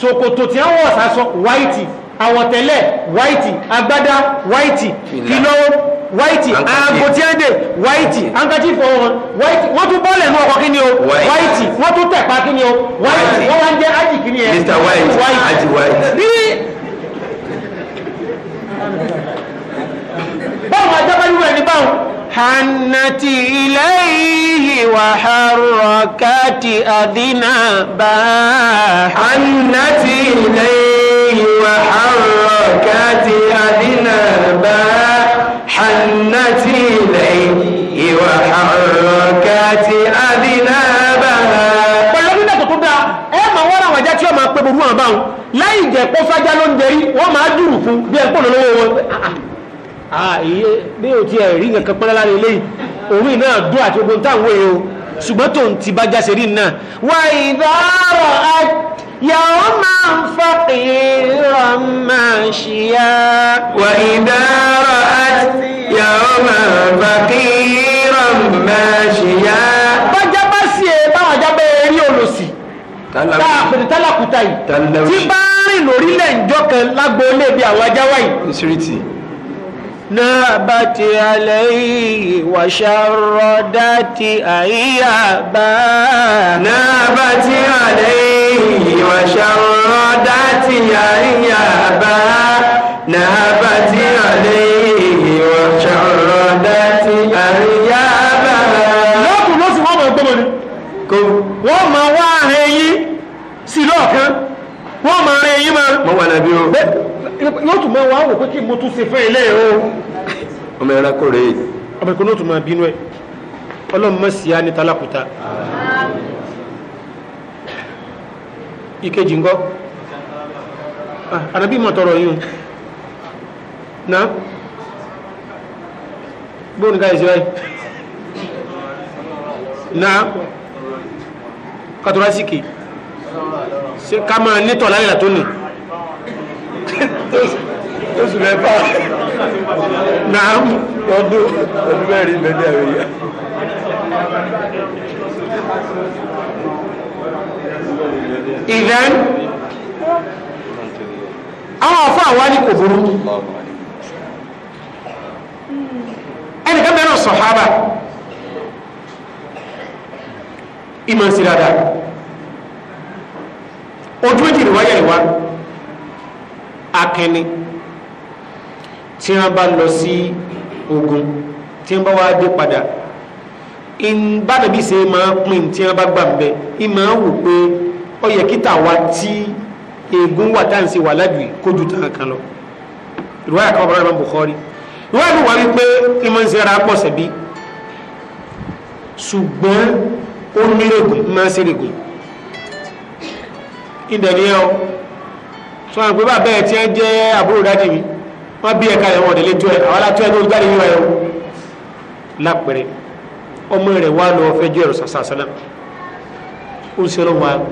ṣòkòtò tí wọ́n wọ̀ sásọ white àwọ̀tẹ́lẹ̀ white agbádá white kìlọ́wọ́ white aago tí a dé white ankachi for wọn white wọn tún bọ́ọ̀lù ẹ̀mú ọkọ̀ kí ni o white wọn tún tẹ̀pa kí ni o white wọn wá ń jẹ́ ají kí ni ẹ Mr. White ají white. bí báwọn ajábáyú ẹni báwọn. hannati ilayhi wa harrakati adinaba. hannati ilayhi wa harrakati adinaba. حنت إليه وحركت أذنابها pẹ̀lú àwọn ẹja tí ó máa pẹ́ burú àwọn láì jẹ́ kó fájá ló ń jẹrí wọ́n máa dùrù fún bí ẹ̀kọ́ lọ́wọ́ wọn ààyè ah, ah. ah, bí o ti ẹ̀rí nǹkan pẹ́lá lára eléyìí òun iná dùn àti ogun táwọn èèyàn ṣùgbọ́n tó ń ti bá jáṣe náà wà ìdárọ̀ يوما فقيرا ماشيا وإذا رأت يوما فقيرا ماشيا bọ́jà bá sí ẹ báwọn ajá bẹ́ẹ̀ rí olùsì tá a pèrè tálákùtà yìí tí bá rìn lórílẹ̀ ńjọ́ kan lágbo ilé ibi àwọn ajá wáyé. نابت عليه وشردت أيابا نابت عليه وشردت أيابا نابت عليه وشردت أيابا lọ́kùn ló sì wọ́n mọ̀ gbọ́mọ̀ ni wọ́n mọ̀ wá ẹyin sí lọ́ọ̀kan wọ́n mọ̀ ẹyin mọ̀ wọ́n wà nàbí o yóò tún mẹ́wàá wò pé kí mo tún ṣe fẹ́ ilé o. ọmọ ẹranko rèé. ọmọ ẹranko náà tún máa bínú ẹ ọlọ́run mọ̀ ní tálákùtà. ìkejì ńkọ́ ah, àdàbí mọ̀ tọrọ yìí na bóun ká ìṣe báyìí na kàtúrásìkì ká máa nítọ̀ lálẹ́ àtúnì lóṣù mẹ́fà náà lọ́dún ọdún mẹ́rin mẹ́rin àwọn èèyàn. ìdán àwọn afọ àwa ní kò burú ẹnìkan bẹ́ẹ̀ náà sọ̀hábà ìmọ̀ sí dáadáa ojú méjì ni wáyà ìwà akínni tí wọ́n bá lọ sí ogun tí wọ́n bá wá dé padà ìbádàbí ṣe máa pín tí wọ́n bá gbà ń bẹ ìmọ̀ wò pé ó yẹ kíta wa tí egun wà tá wà ládùúgbò kójú tàn kan lọ ìrọ̀ àkàwọ̀ bàbá ìmọ̀ Bukhari ìwọ́n mi wà wípé ìmọ̀ ń ṣe ṣùgbọ́n ó nírègùn máa ń ṣe sọ àwọn ìgbébà bẹ́ẹ̀ tí wọ́n jẹ́ àbúrò dájì mi wọ́n bí ẹ̀ka ẹ̀wọ̀n ọ̀dẹ̀ létò ẹ̀ àwọn alátọ́ ẹ̀ tó jáde yíwa ẹ̀ lápẹ̀rẹ̀ ọmọ rẹ̀ wá lọ fẹ́ jẹ́ ẹ̀rọ sàṣàṣàlá ó ń sẹ́lọ̀ àwọn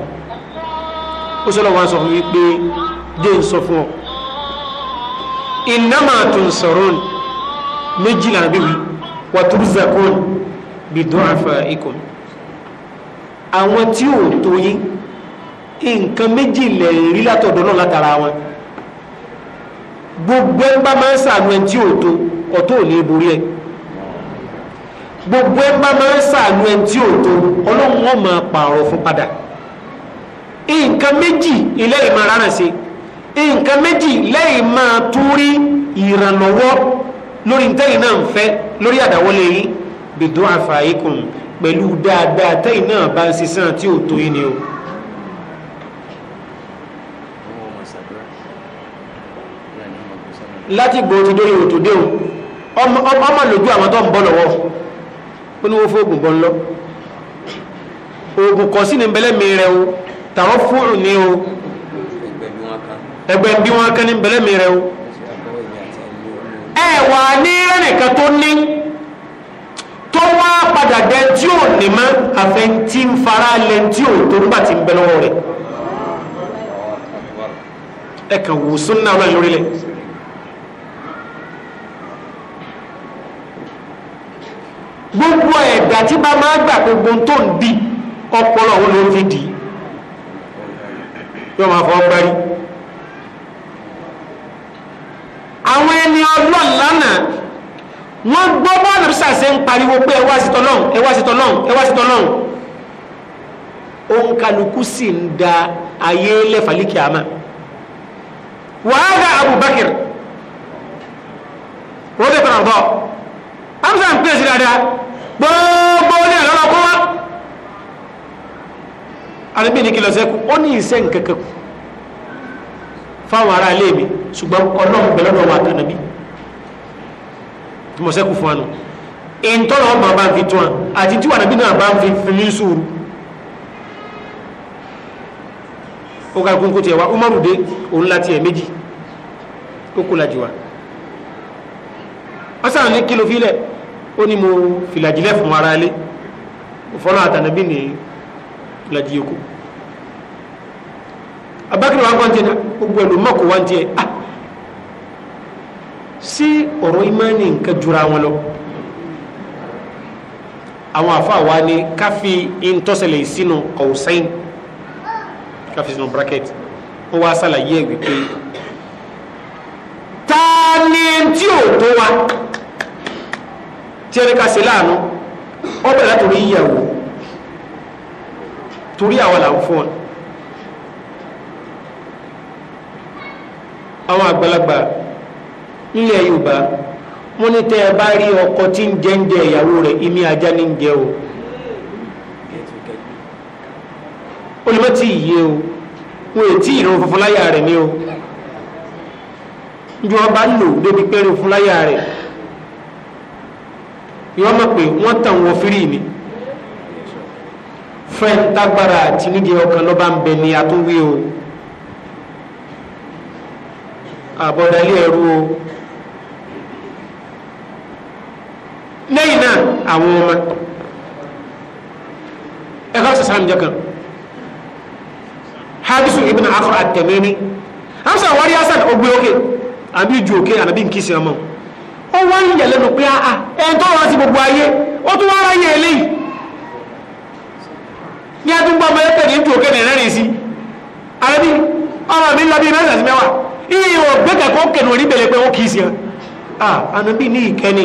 tí ò tó yín nǹkan méjì lẹ̀ rí látọ̀dọ̀ náà látara wọn gbogbo ẹgbà máa ń sàánú ẹni tí ò tó ọ̀tọ̀ ò lè borí ẹ gbogbo ẹgbà máa ń sàánú ẹni tí ò tó ọlọ́run wọn máa pààrọ̀ fún padà nǹkan méjì ilé ìmọ̀ rárá sí nǹkan méjì lẹ́yìn máa tún rí ìrànlọ́wọ́ lórí ntẹ́yìn náà ń fẹ́ lórí àdáwọlé yìí bìdó àfààyè kùn pẹ̀lú dáadáa tẹ́yìn náà bá ń ṣiṣẹ́ tí ò tó yìí ni o. láti gbò ti dórí òtò dé òun ọmọ lójú àwọn tó ń bọ́ lọ́wọ́ ó ní wọ́n fóògùn bọ́ ń lọ oògùn kọ́ sí ní bẹ́lẹ́mì rẹ o tàwọn fóòrùn ní o ẹgbẹ́ bí wọ́n kán ní bẹ́lẹ́mì rẹ o ẹ wà ní ẹnìkan tó ní tó wá padà dẹ tí ò ní mọ́ àfẹ́ tí ń fara lẹ tí ò tó ń bà tí ń bẹ lọ́wọ́ rẹ̀ ẹ kàn wò sún náà lórílẹ̀ gbogbo ẹ̀dá tí bá máa gbà gbogbo tó ń di ọpọlọ òun ló fi dì í yóò máa fọ́ gbárí àwọn ẹni ọlọ́run lánàá wọ́n gbọ́ bọ́ọ̀lù sàṣẹ ń pariwo pé ẹwà sí tọ́lọ́hún ẹwà sí tọ́lọ́hún ẹwà sí tọ́lọ́hún òun kálukú sì ń da ayé lẹ́fàlíkì àmà wàhálà Abubakar wọ́n bẹ̀rẹ̀ bọ́ amsa ń pèsè dáadáa gbogbo ní àlọ́lọ́ kó wá àrẹ́bí ní kìlọ̀ sẹ́kù ó ní ìṣẹ́ nkankan fáwọn ará ilé mi ṣùgbọ́n ọlọ́run pẹ̀lú ọ̀dọ̀ wa kan nàbí tí mo sẹ́kù fún wa nù ìntọ́nà ọmọ bá ń fi tún wa àti tí wà nàbí náà bá ń fi fi ní sùúrù ó ká kúnkún tiẹ̀ wá Umaru dé òun láti ẹ̀ méjì ó kú lajì wa ọ̀sán ní kìlọ̀ fílẹ̀ ó ní mo fìlàjílẹ̀ fún ara ilé fọ́nà àtànàbí ní fìlàjí yòókù abákìrì wa ń kọ́ ń tiẹ̀ gbogbo ẹ̀lú mọ́kò wa ń tiẹ̀ ah sí ọ̀rọ̀ ìmánì nǹkan jura wọn lọ àwọn àfa wa ni káfí ìntọ́sẹ̀lẹ̀ sínú ọ̀sẹ́yìn káfí sínú bracket ó wá sàlàyé ẹ̀ wípé ta ni tí ò tó wa. tí ẹni ká ṣe láàánú ọ bẹ̀rẹ̀ látòrí ìyàwó torí àwọn là fún ọ àwọn àgbàlagbà nílẹ̀ Yorùbá wọ́n ní tẹ́ ẹ bá rí ọkọ tí ń jẹ́ ń jẹ ìyàwó rẹ̀ ajá ní ń jẹ o olùmọ́tì yìí o wọn ètí ìrún funfun láyà rẹ̀ ni o ju ọba ń lò débi láyà rẹ̀ yọ mọ̀ pé tàn wọ́n firi mi fẹ́ǹtagbára àti nídìí ọkàn lọba ń o àbọ̀dálé ẹ̀rú o lẹ́yìn náà àwọn ọmọ ẹ̀ka sàṣà ń jẹ kan hadisu ibn afro àtẹ̀mẹ́ni hamsa wárí hasan ogbé oke àbí ju òkè àbí nkìsì ọmọ. ó wá ń yẹ̀ lẹ́nu pé àà ẹni tó rán sí gbogbo ayé ó tún wá ráyè eléyìí ní adúgbò ọmọ ẹgbẹ́ ní ìdúró kéde rẹ́rìn sí àrẹ́bí ọmọ mi lọ bí mẹ́sàn sí mẹ́wàá iye ò gbé kẹ̀kọ́ kẹ̀nu oníbẹ̀lẹ̀ pé ó kì í sí à ànábì ní ìkẹ́ni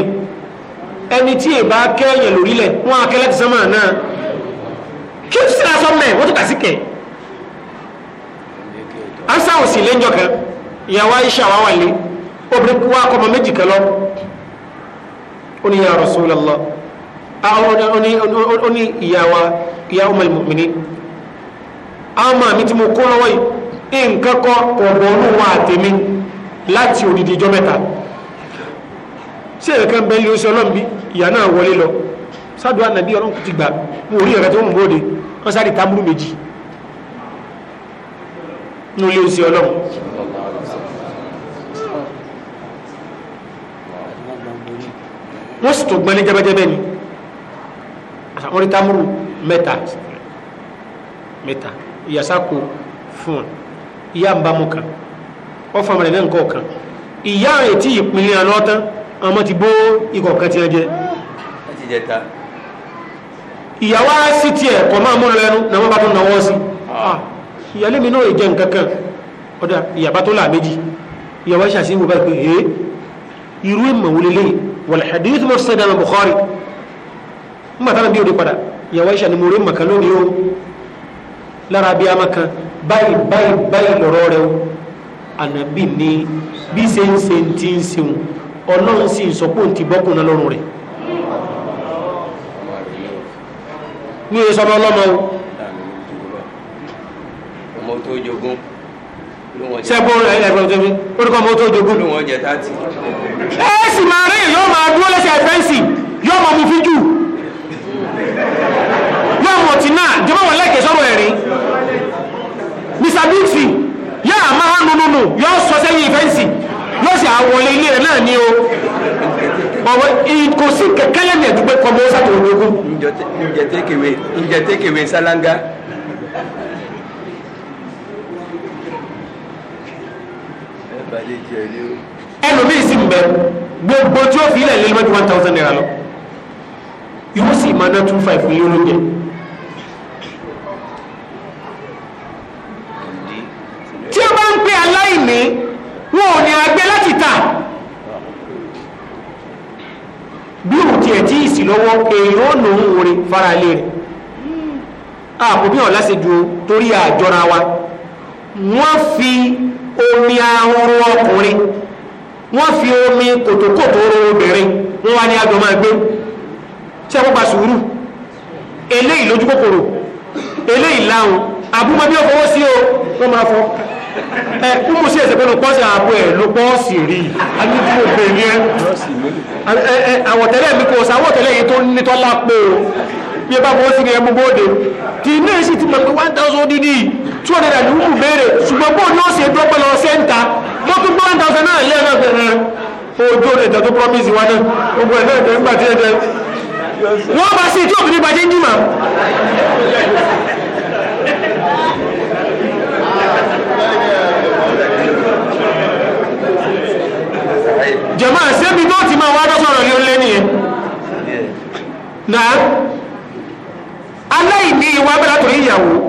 ẹni tí èbá kẹ́yìn lórílẹ̀ wọn akẹ́lẹ́ ti sánmà náà kí ó sì ra sọ́mẹ̀ wọ́n tó kà sí kẹ̀ ansa òsì lẹ́njọ́ kan ìyàwó Aisha wà wà lé obìnrin wa méjì kan ó ní ya Rasulullah ó ní ìyàwó ìyàwó malmumini umm ama mi ti mo kó lọ́wọ́ yìí nǹkan kọ́ ọ̀bọ̀ ọ̀nù wa àtẹ̀mí láti òdìdí ìjọ mẹ́ta sí ẹ̀kan bẹ́ẹ̀ lé oṣù ọlọ́run bí ìyá náà wọlé lọ sádùá nàbí ọlọ́run kò ti gbà mo rí ẹ̀rẹ́ tó ń bóde wọ́n sáré tábúrú méjì ní olé oṣù ọlọ́run wọ́n sì tó gbọ́n ní jẹ́bẹ́jẹ́bẹ́ ni wọ́n rí támúrù mẹ́ta mẹ́ta ìyàsáko fún wọn ìyá ń bá mú kan wọ́n fọmọ rẹ̀ náà nǹkan kan ìyá rẹ̀ tí ìpínlẹ̀ ọlọ́tán ọmọ ti bó ikọ̀ kan ti ẹ jẹ ìyàwó á sì tiẹ̀ kọ̀ máa mú lẹ́nu náà wọ́n bá tún náwó sí ah, ìyálé mi náà ìjẹ nǹkan kan ọ̀dà ìyàbá tó là méjì ìyàwó ṣàṣìwò bá pé ìmọ̀wó lélẹ́yìn والحديث مفسد امام بخاري ما ترى بيو دي padà ìyàwó Aisha ni mo rí màkà lórí o lára bí amákan báyìí báyìí báyìí lọ́rọ́ rẹ o ànàbì ni bí ṣe ń ṣe ti ń sì ń sọ pé òun ti bọ́kùn náà lọ́rùn rẹ̀ ní ìsọmọ ọlọ́mọ o ọmọ tó jogún sẹ́gbó ẹ̀rọ tó fi orúkọ mọ́tò jogún. ló wọ́n jẹ tààtì. ẹ sì máa rí yóò máa dúró lẹ́sẹ̀ fẹ́ǹsì yóò máa mú fíjù yóò mọ̀ tí náà jọba wọn lẹ́kẹ̀ẹ́ sọ́rọ̀ ẹ̀rí Mr Bixby yóò máa hàn nùnùnù yóò sọ sẹ́yìn fẹ́ǹsì yóò sì àwọlé ilé rẹ̀ náà ní o ọwọ́ kò sí kẹ̀kẹ́ lẹ́nu ẹ̀dúgbẹ́ kọ́ mọ́ sátò ológun. ǹjẹ́ tẹ́kẹ̀wé ǹjẹ́ tẹ́kẹ̀wé sálángá. ẹlòmíì sì ń bẹ gbogbo tí ó fi ilẹ̀ lélẹ́mọ́ ju one thousand naira lọ yóò sì máa ná two five ní olóògbé. tí ó bá ń pè aláìní wọn ò ní agbẹ́ láti tà bí òun tiẹ̀ tí ìsì lọ́wọ́ èèyàn ò nù ń wọlé fara rẹ̀ àpò bí wọn láṣẹ ju torí àjọra wa wọn fi omi ahoro ọkùnrin wọ́n fi omi kòtòkòtò ro obìnrin wọ́n wá ní àjọ máa gbé tí a kópa sùúrù eléyìí lójú kòkòrò eléyìí láhùn àbúmọ bí ó fọwọ́ sí o wọ́n máa fọ́ ẹ kúmù sí ẹsẹ̀ pẹ̀lú pọ́ọ̀sì ààbò ẹ̀ ló pọ́ọ̀sì rí alúgbò bèèrè ẹ àwọ̀tẹ́lẹ̀ mi kò sáwọ̀tẹ́lẹ̀ yìí tó nítọ́lá pé o bí ẹ bá fọwọ́ sí ni ẹ gbogbo òde tí iná èsì ti mọ̀ pé one thousand dídì two hundred and wúkú béèrè ṣùgbọ́n bóun ni ó ṣe dọ́gba lọ sẹ́ńtà mo tún gbọ́ one thousand náà lẹ́yìn náà fẹ̀rẹ̀ ojú ọ̀nà ìtàn tó promise wa náà gbogbo ẹ̀ náà ìgbà tí ẹ jẹ wọ́n bá sí tí òbí nípa jẹ́ ń jùmọ̀. jẹ̀mọ́ àṣẹ́bí náà ti máa wá dọ́sọ̀rọ̀ ní olé nìyẹn náà aláìní ìwà abẹ́lá torí ìyàwó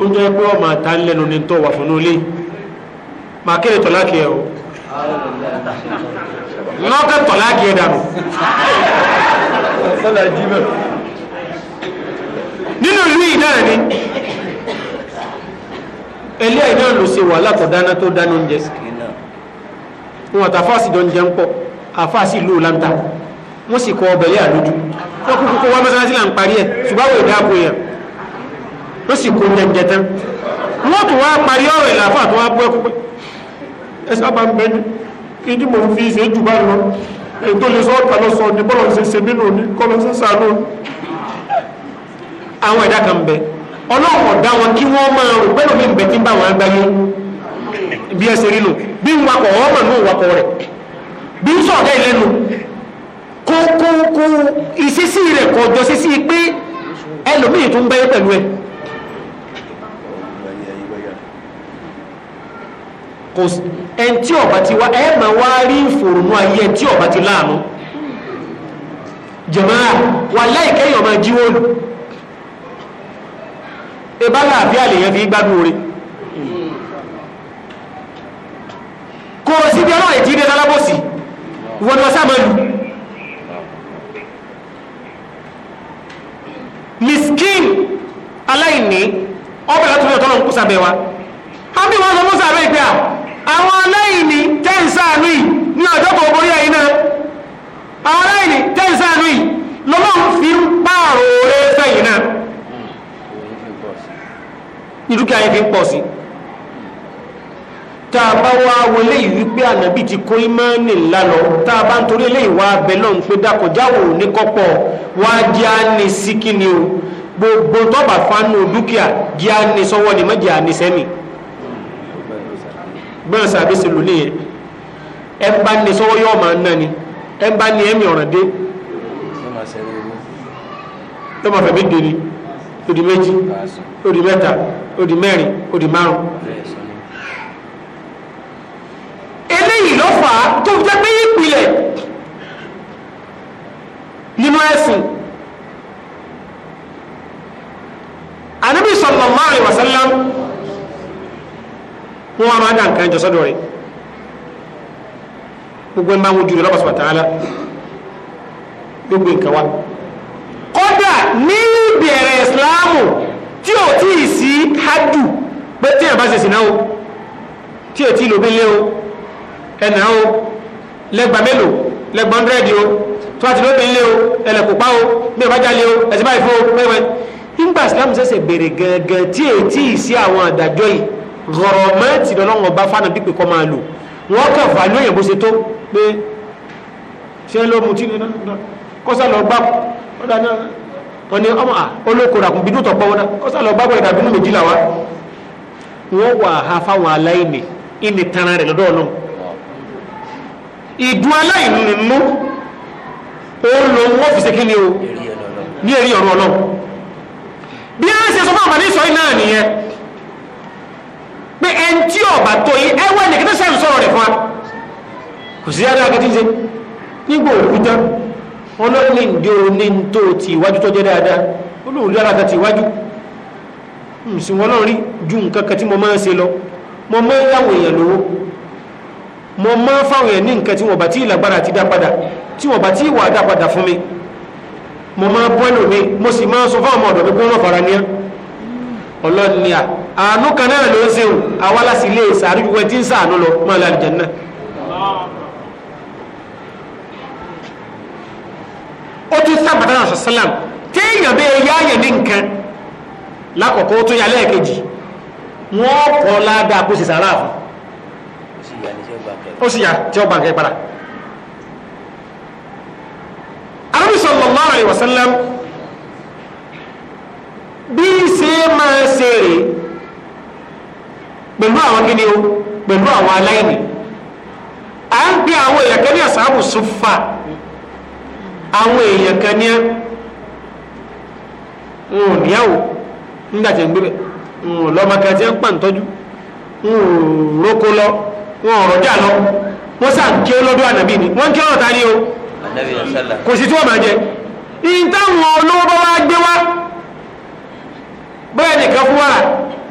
ó ń jẹ́ pé ọmọ àtà ń lẹ́nu ní tó wà fún ilé máa kéde tọ́láàkì ẹ̀ o lọ́kẹ́ tọ́láàkì ẹ̀ dànù nínú ìlú yìí náà ni ẹlẹ́ iná ló ṣe wà látọ̀dáná tó dáná oúnjẹ wọn àtàfáàsì jọ ń pọ̀ àfáàsì ìlú lanta wọ́n sì kọ ọbẹ̀ yà lójú wọ́n kúkú kó wá mọ́sálásí là ń parí ẹ̀ ó sì kó jẹjẹ tán wọ́n tún wá parí ọ̀rọ̀ ìlàfà tó wá bú ẹkú pé ń kí mo fi ṣe jù bá lọ èyí tó lè sọ ọ̀tà lọ sọ ní bọ́lọ̀ ṣe ṣe nínú ní kọ́lọ́ ṣe ṣàánú àwọn ẹ̀dá kan bẹ ọlọ́run ọ̀dá wọn kí wọ́n máa rò pẹ́lú mi bẹ̀ tí ń bá wọn agbáyé bí ẹ rí bí ń wakọ̀ rẹ̀ kọjọ pé ẹlòmíì tó kò ẹn tí ọba ti wá ẹ mà wá rí ìfòrònú ayé ẹn tí ọba ti láàánú jàmáà wà láìkẹ́ yọ̀ máa jíwó lù ebá láàfíà lèyàn fi gbádùn orí kò sí bí ọlọ́rẹ̀ jíde lálábòsì wọ́n ni wọ́n sáà máa lù miskin aláìní ọbẹ̀ látúndọ̀ tọ́lọ̀ ń kúsàbẹ̀ wa a bí wọ́n sọ mọ́sàbẹ̀ àwọn aláìní tẹ́ǹsánú yìí ní ọjọ́ tó borí ẹ̀yìn náà àwọn aláìní tẹ́ǹsánú yìí lọ́mọ ń fi ń pààrọ̀ oore fẹ̀yìn náà ìdúkìá yẹn fi ń pọ̀ sí tá a bá wá wọlé yìí wípé ànábì ti kó ìmánì lánà tá a ń torí eléyìí wá abẹ náà ń pé dákọjáwò ní kọ́pọ̀ wá jẹ́ àní sí kíni o gbogbo tọ́ba fanu dúkìá jẹ́ àní sọ́wọ́ ni mẹ́jẹ̀ àní sẹ́mi. So bọ́n sàbí sí lò léyìn ẹ bá ní sọ́wọ́ yóò máa ná ni ẹ bá ní ẹ̀mí ọ̀ràn dé tó máa fẹ̀mí dèrè odi méjì odi mẹ́ta odi mẹ́rin odi márùn. eléyìí ló fà á tó fi jẹ́ pé ìpìlẹ̀ nínú ẹ̀sìn Ànábì sallallahu alaihi wasallam wọ́n wá máa dá nǹkan jọ sọ́dọ̀ rẹ̀ gbogbo ẹ̀ máa wojú rẹ̀ lọ́pọ̀ sọ̀tàn ala gbogbo nǹkan wa kódà ní ìbẹ̀rẹ̀ ìsìláàmù tí ò tí ì sí hádù pé tí ẹ̀ bá ṣe sìnà o tí ò tí ì lò bí lé o ẹ̀nà o lẹ́gbà mélòó lẹ́gbà ọ́ndẹ́rẹ́dì o tó àti lóbi lé o ẹlẹ́kùpá o bí ẹ̀ bá o ẹ̀sìn báyìí fún o mẹ́wẹ́ nígbà ìsìláàmù ṣẹ̀ṣẹ̀ bẹ̀rẹ̀ gẹ̀ẹ́gẹ̀ẹ́ tí ò tí ì sí àwọn àdájọ́ yìí gọ̀rọ̀mẹ́tì lọ́lọ́wọ́ bá fánà pípẹ́ kọ́ máa lò wọ́n kà fà lóyìn bó ṣe tó pé ṣe ló mú tí kọ́sà lọ gbá wọn ni ọmọ olóko ràkùn bínú tọ̀pọ̀ wọn kọ́sà lọ gbá bọ̀dà bínú méjìlá wa wọ́n wà á fáwọn aláìní ìní tanra rẹ̀ lọ́dọ̀ ọlọ́run ìdún aláìní nínú ó lo wọ́n fi ṣe kí ni o ní èrè ọ̀rọ̀ ọlọ́run bí a ṣe sọ fún àmàlẹ́ ìsọ̀rí náà nìyẹn pé ẹn tí ọ̀bà tó yí ẹwọ́ ẹnì kìtẹ́ sẹ́yìn sọ̀rọ̀ rẹ̀ fún wa kò sí yára akẹ́tí ṣe nígbà òkú tán ọlọ́ọ̀lẹ́ ǹdẹ́ oní tó ti iwájú tó jẹ́ dáadáa olóòlù alága ti iwájú ǹsìn hmm, wọn náà rí ju nǹkan kan tí mo máa ń ṣe lọ mo máa ń yáwó èèyàn lówó mo máa ń fáwọn èèyàn ní nǹkan tí wọn bá tí ìlágbára ti dá padà tí wọn bá tí ìwà dá padà fún mi mo máa bọ́ ẹlòmíì mo sì máa ń sọ fáwọn ọmọ ọ̀dọ́ mi pé wọ́n fara ní ọlọ́ọ̀ni à àánú kan náà ló ń ṣe o àwa láti ilé sàárì gbogbo ẹ ti ń sàánú lọ máa lọ àlùjánnà. ó tún sábàtà náà sàlám téèyàn bẹ́ẹ̀ yá yẹn ní nǹkan lákọ̀ọ́kọ́ ó tún yà lẹ́ẹ̀kejì wọ́n kọ́ ládàá kó sì sàrà fún ó sì yà tí ó gbàǹkẹ́ padà. Ànábì sallallahu alaihi wasallam bí ṣe máa ṣe rèé pẹ̀lú àwọn kíni o pẹ̀lú àwọn aláìní à ń pe àwọn èèyàn kan ní àsáàbù sùfà àwọn èèyàn kan ní n ò níyàwó nígbà tí ń gbé bẹ n ò lọ́mọ kan tí ń pà ń tọ́jú n ò róko lọ n ò rọ́jà lọ wọ́n sà ń ké lọ́dọ̀ ànàbí ni wọ́n ń ké ọ̀tá ni o kò sí tí wọ́n máa jẹ ìtàwọn olówó bá wá gbé wá bẹ́ẹ̀ nìkan fún wàrà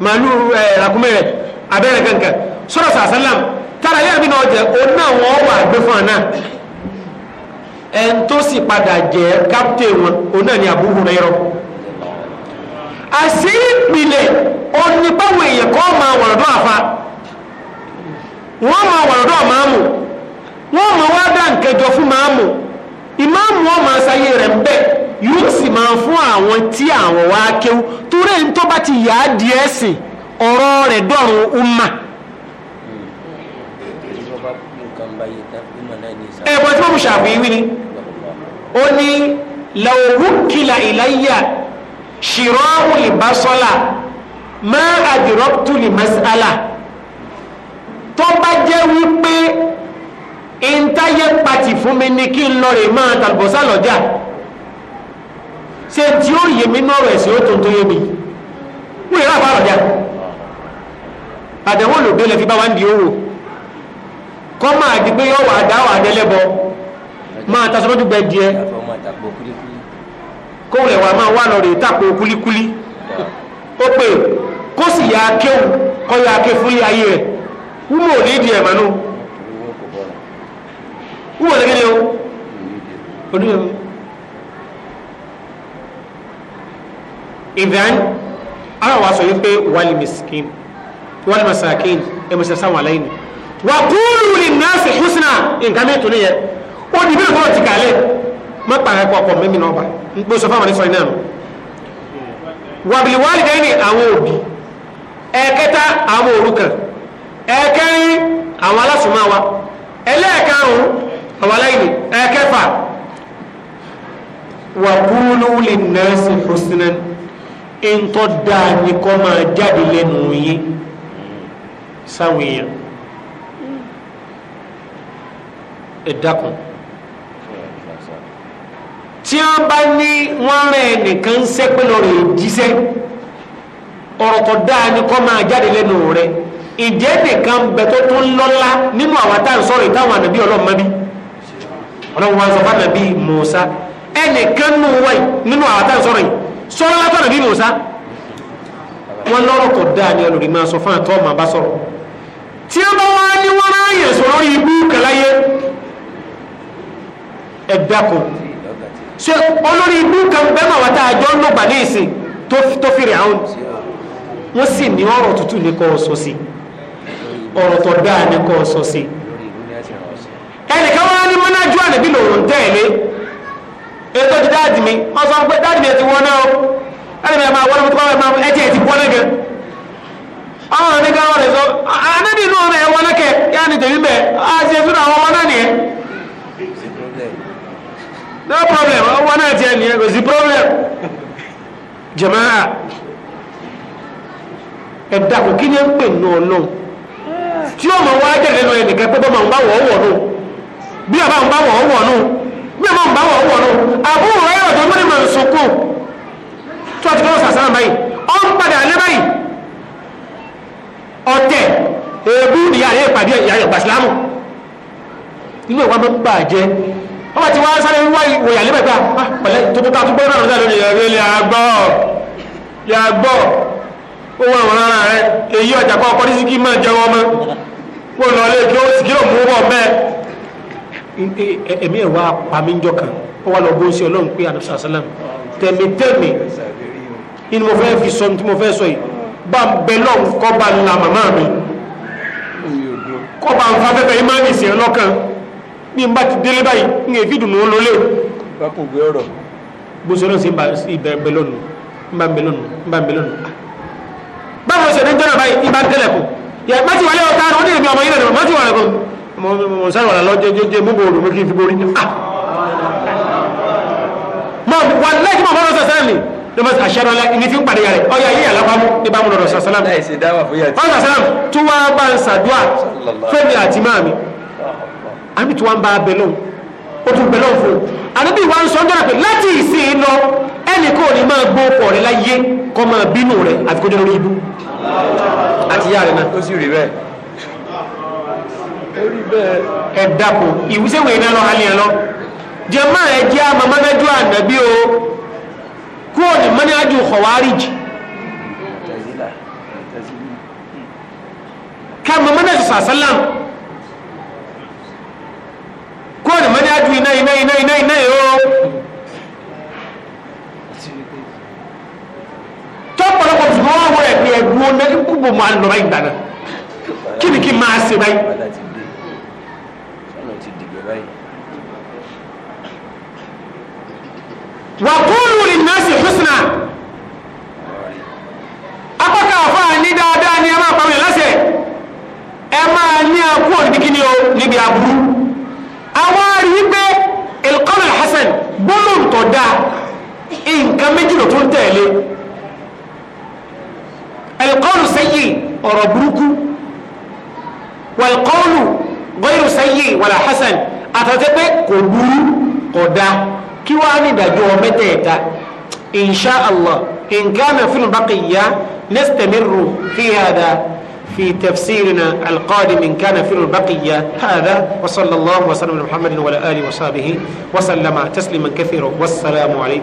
màálù ẹ̀ ràkúnmẹ́rẹ̀ abẹ́rẹ́ kankan sọ̀rọ̀ sàṣálàm tára yẹ́ àbínú ọjà òun wà gbé fún àná ẹn tó sì padà wọn ni Abu Hurairah àṣì ìpìlẹ̀ onípàwọ̀ èèyàn kọ́ máa wọ̀rọ̀dọ́ àfa wọ́n máa wọ̀rọ̀dọ́ máàmù wọ́n máa wá dá nǹkan jọ fún máàmù ìmáàmù wọn máa ṣayé rẹ̀ ń bẹ̀ yóò sì máa fún àwọn tí àwọn wá kéwú torí ẹni tó bá ti yà á ọ̀rọ̀ rẹ̀ dọ̀rùn umma. ẹ̀bùn tí wọ́n mú ṣàfihàn wí ni ó ní làwùkìlà ìláyà ṣìrọ́ọ̀hún ìbásọ́là má àdìrọ́tù lè mẹ́sàlá tó bá jẹ́ wípé ìntayé pati fún mi ni kí n lọ rè máa tàlùbọ̀sà lọ́jà ṣé tí ó yẹ mí ẹ̀sìn ó tó tó yé mi wíwá àbá lọ́jà àdánwò lòdó lẹ́fi bá wá ń di owó kọ́ máa di pé yọ̀wọ̀ àdáwọ̀ àdẹ́lẹ́bọ máa tasọ́mọ́tò gbẹ díẹ̀ kó rẹ̀ wá máa wà lọ́rẹ̀ tàpó kúlíkúlí ó pè kó sì yá kéwù kọ́ yá ké fúnlé ayé rẹ̀ wúmọ̀ ò ní ìdí ẹ̀ mọ́nú wúmọ̀ lẹ́gẹ́ ni ó ọdún ẹ̀mí. ìdán ara wa sọ yìí pé wàlí miskin والمساكين المسلسل علينا وقولوا للناس حسنا إن كان يتوني ودي بيه قولوا تكالي ما تبقى قوة ممي نوبا بوصفا ما نسوي نانو وبالوالدين أوبي ẹ̀kẹta àwọn òrukàn ẹ̀kẹrin àwọn alásùnmáwa ẹlẹ́ẹ̀karùn àwọn aláìní ẹ̀kẹfà wà kúrú lè nẹ́ẹ̀sì husnan ń tọ́ dáa ní kọ́ máa jáde lẹ́nu yìí sáwọn èèyàn ẹ tí wọ́n bá ní wọ́n rẹ̀ nìkan ń sẹ́pẹ́ lọ́rọ̀ ìjíṣẹ́ ọ̀rọ̀ tó dáa ni kọ́ máa jáde lẹ́nu rẹ̀ ìjẹ́ nìkan bẹ̀ tó tún lọ́lá nínú àwọn táwọn sọ̀rọ̀ ìtàwọn ànàbí ọlọ́mọ bí ọlọ́run wa sọ fáwọn àbí Mùsá ẹnìkan nù wáyé nínú àwọn táwọn sọ̀rọ̀ yìí sọ̀rọ̀ látọ̀ ànàbí wọn lọ́rọ̀ dáa ni ọlọ́run máa sọ fáwọn àtọ́ ọmọ bá sọ̀rọ̀ tí ó bá wá ní wọ́n ráyè sọ̀rọ̀ ibú kàláyé ẹ̀dàkùn ṣe olórí ibú kan bẹ́mà wá tá ń lògbà ní ìsìn tó fìrì àwọn wọ́n sì ní ọ̀rọ̀ tútù ní kọ́ ọ̀sọ́ sí ọ̀rọ̀ tó dáa ní kọ́ ọ̀sọ́ sí ẹnìkan wá ní mọ́nájú ànábì lòun tẹ̀lé ètò ti mi wọ́n sọ pé dáàdì mi ẹ̀ ti wọ́n náà ẹ̀ máa wọ́n ẹ̀ ti àwọn oníkà wọn rẹ sọ anábì inú ọmọ ẹ wọn lẹkẹ yá ni tèmi bẹ a ṣe fún àwọn ọmọ náà nìyẹn no problem ọmọ náà tiẹ̀ nìyẹn kò sí problem jẹmáà ẹ̀dá kò kí ni ẹ ń pè nù Ọlọ́run tí ó mọ wá jáde lọ ẹnìkan pé bọ́mọ ń bá wọ̀ ọ́ wọ̀ nù bí ọba ń bá wọ̀ ọ́ wọ̀ nù bí ọba ń bá wọ̀ ọ́ wọ̀ nù àbúrò ẹ̀ ọ̀dọ́ mọ́ni mọ̀ ń sunkún tó a ti kọ́ sàṣà báyìí ọ̀ ń padà lẹ́ báyìí ọ̀tẹ̀ èébú ni àrẹ ìpàdé ìyàyọ̀ gbàsílámù inú ìwà máa ń bà jẹ́ ọba tí wọ́n sáré wá ìwòyà lẹ́bẹ̀ẹ́gbà ah, pẹ̀lẹ́ tó tó ká tó gbọ́dọ̀ náà lórí ẹ̀rọ ilẹ̀ àgbọ̀ ilẹ̀ àgbọ̀ ó wọ́n àwọn ará rẹ̀ èyí ọjà kọ́ ọkọ́ nísìkí máa jẹ wọn mọ́ kó lọ lé kí ó sì kí ó mú wọn bẹ́ẹ̀. ẹ̀mí ẹ̀ wá bá ń bẹ lọ́n kọ́ bá ń la màmá mi kọ́ bá ń fa fẹ́fẹ́ imáàmì sí ọlọ́kan bí n bá ti délé báyìí ń èfi dùnú lólè. bá kò gbé ọ̀rọ̀. bó ṣe lọ́n sí ìbẹ̀rẹ̀ lọ́nu ń bá ń bẹ lọ́nu ń bá ń bẹ lọ́nu. báwo mọ̀ wàlẹ́ kí ah! mo bọ́ lọ́mọ àṣàrọ̀ la ìní fi ń pàdé rẹ̀ ọ̀yà yìí àlápámú ní bámu lọ́dọ̀ sàṣàlám. ọ̀sà sàlám tó wá bá ń sàdúà fẹ́mi àti máa mi àbí tó wá ń bá bẹ̀lọ́ o tún bẹ̀lọ́ fún un àdébí wa ń sọ ọ́njọ́ pé láti ìsìn lọ ẹnì kò ní máa gbó pọ̀ rẹ̀ láyé kọ́ máa bínú rẹ̀ àti kójú lórí ibú àti yá rẹ̀ náà. ó sì rí bẹ́ẹ̀ ẹ dàpọ̀ ìwúsẹ̀wé náà lọ alẹ́ lọ jẹ́ máa ẹ jẹ́ àmọ́ mọ́nájú ànábí o kúrò ní mọ́níájú kọ̀wárìjì kama mọ́níájú sàṣálàm kúrò ní mọ́níájú iná iná iná iná iná yóò tọ́pọ̀lọpọ̀ ṣùgbọ́n wọ́n wọ́n rẹ̀ pé ẹgbùn ọ̀nà ikú gbòmọ̀ àlọ́ báyìí dáná kí ni kí máa ṣe báyìí wa qulu linnasi husna apákà àfa ní dáadáa ni ẹ máa pàmì lọ́sẹ̀ ẹ máa ní akú òdìdíkíní o níbi aburú àwọn arí pé ilqama hasan gbólóhùn tó dáa nǹkan méjì ló tún tẹ̀lé alqawlu sayyi ọ̀rọ̀ burúkú walqawlu ghayru sayyi wala hasan àtàtẹ́ kò burú kò dáa. kí wá ní ìdájọ́ mẹ́tẹ̀ẹ̀ta insha allah in kana fil baqiya nastamiru fi hada fi tafsirina alqadim in kana fil baqiya hada wa sallallahu wa sallam ala muhammadin wa ala alihi wa sahbihi wa sallama tasliman kathira wassalamu alaykum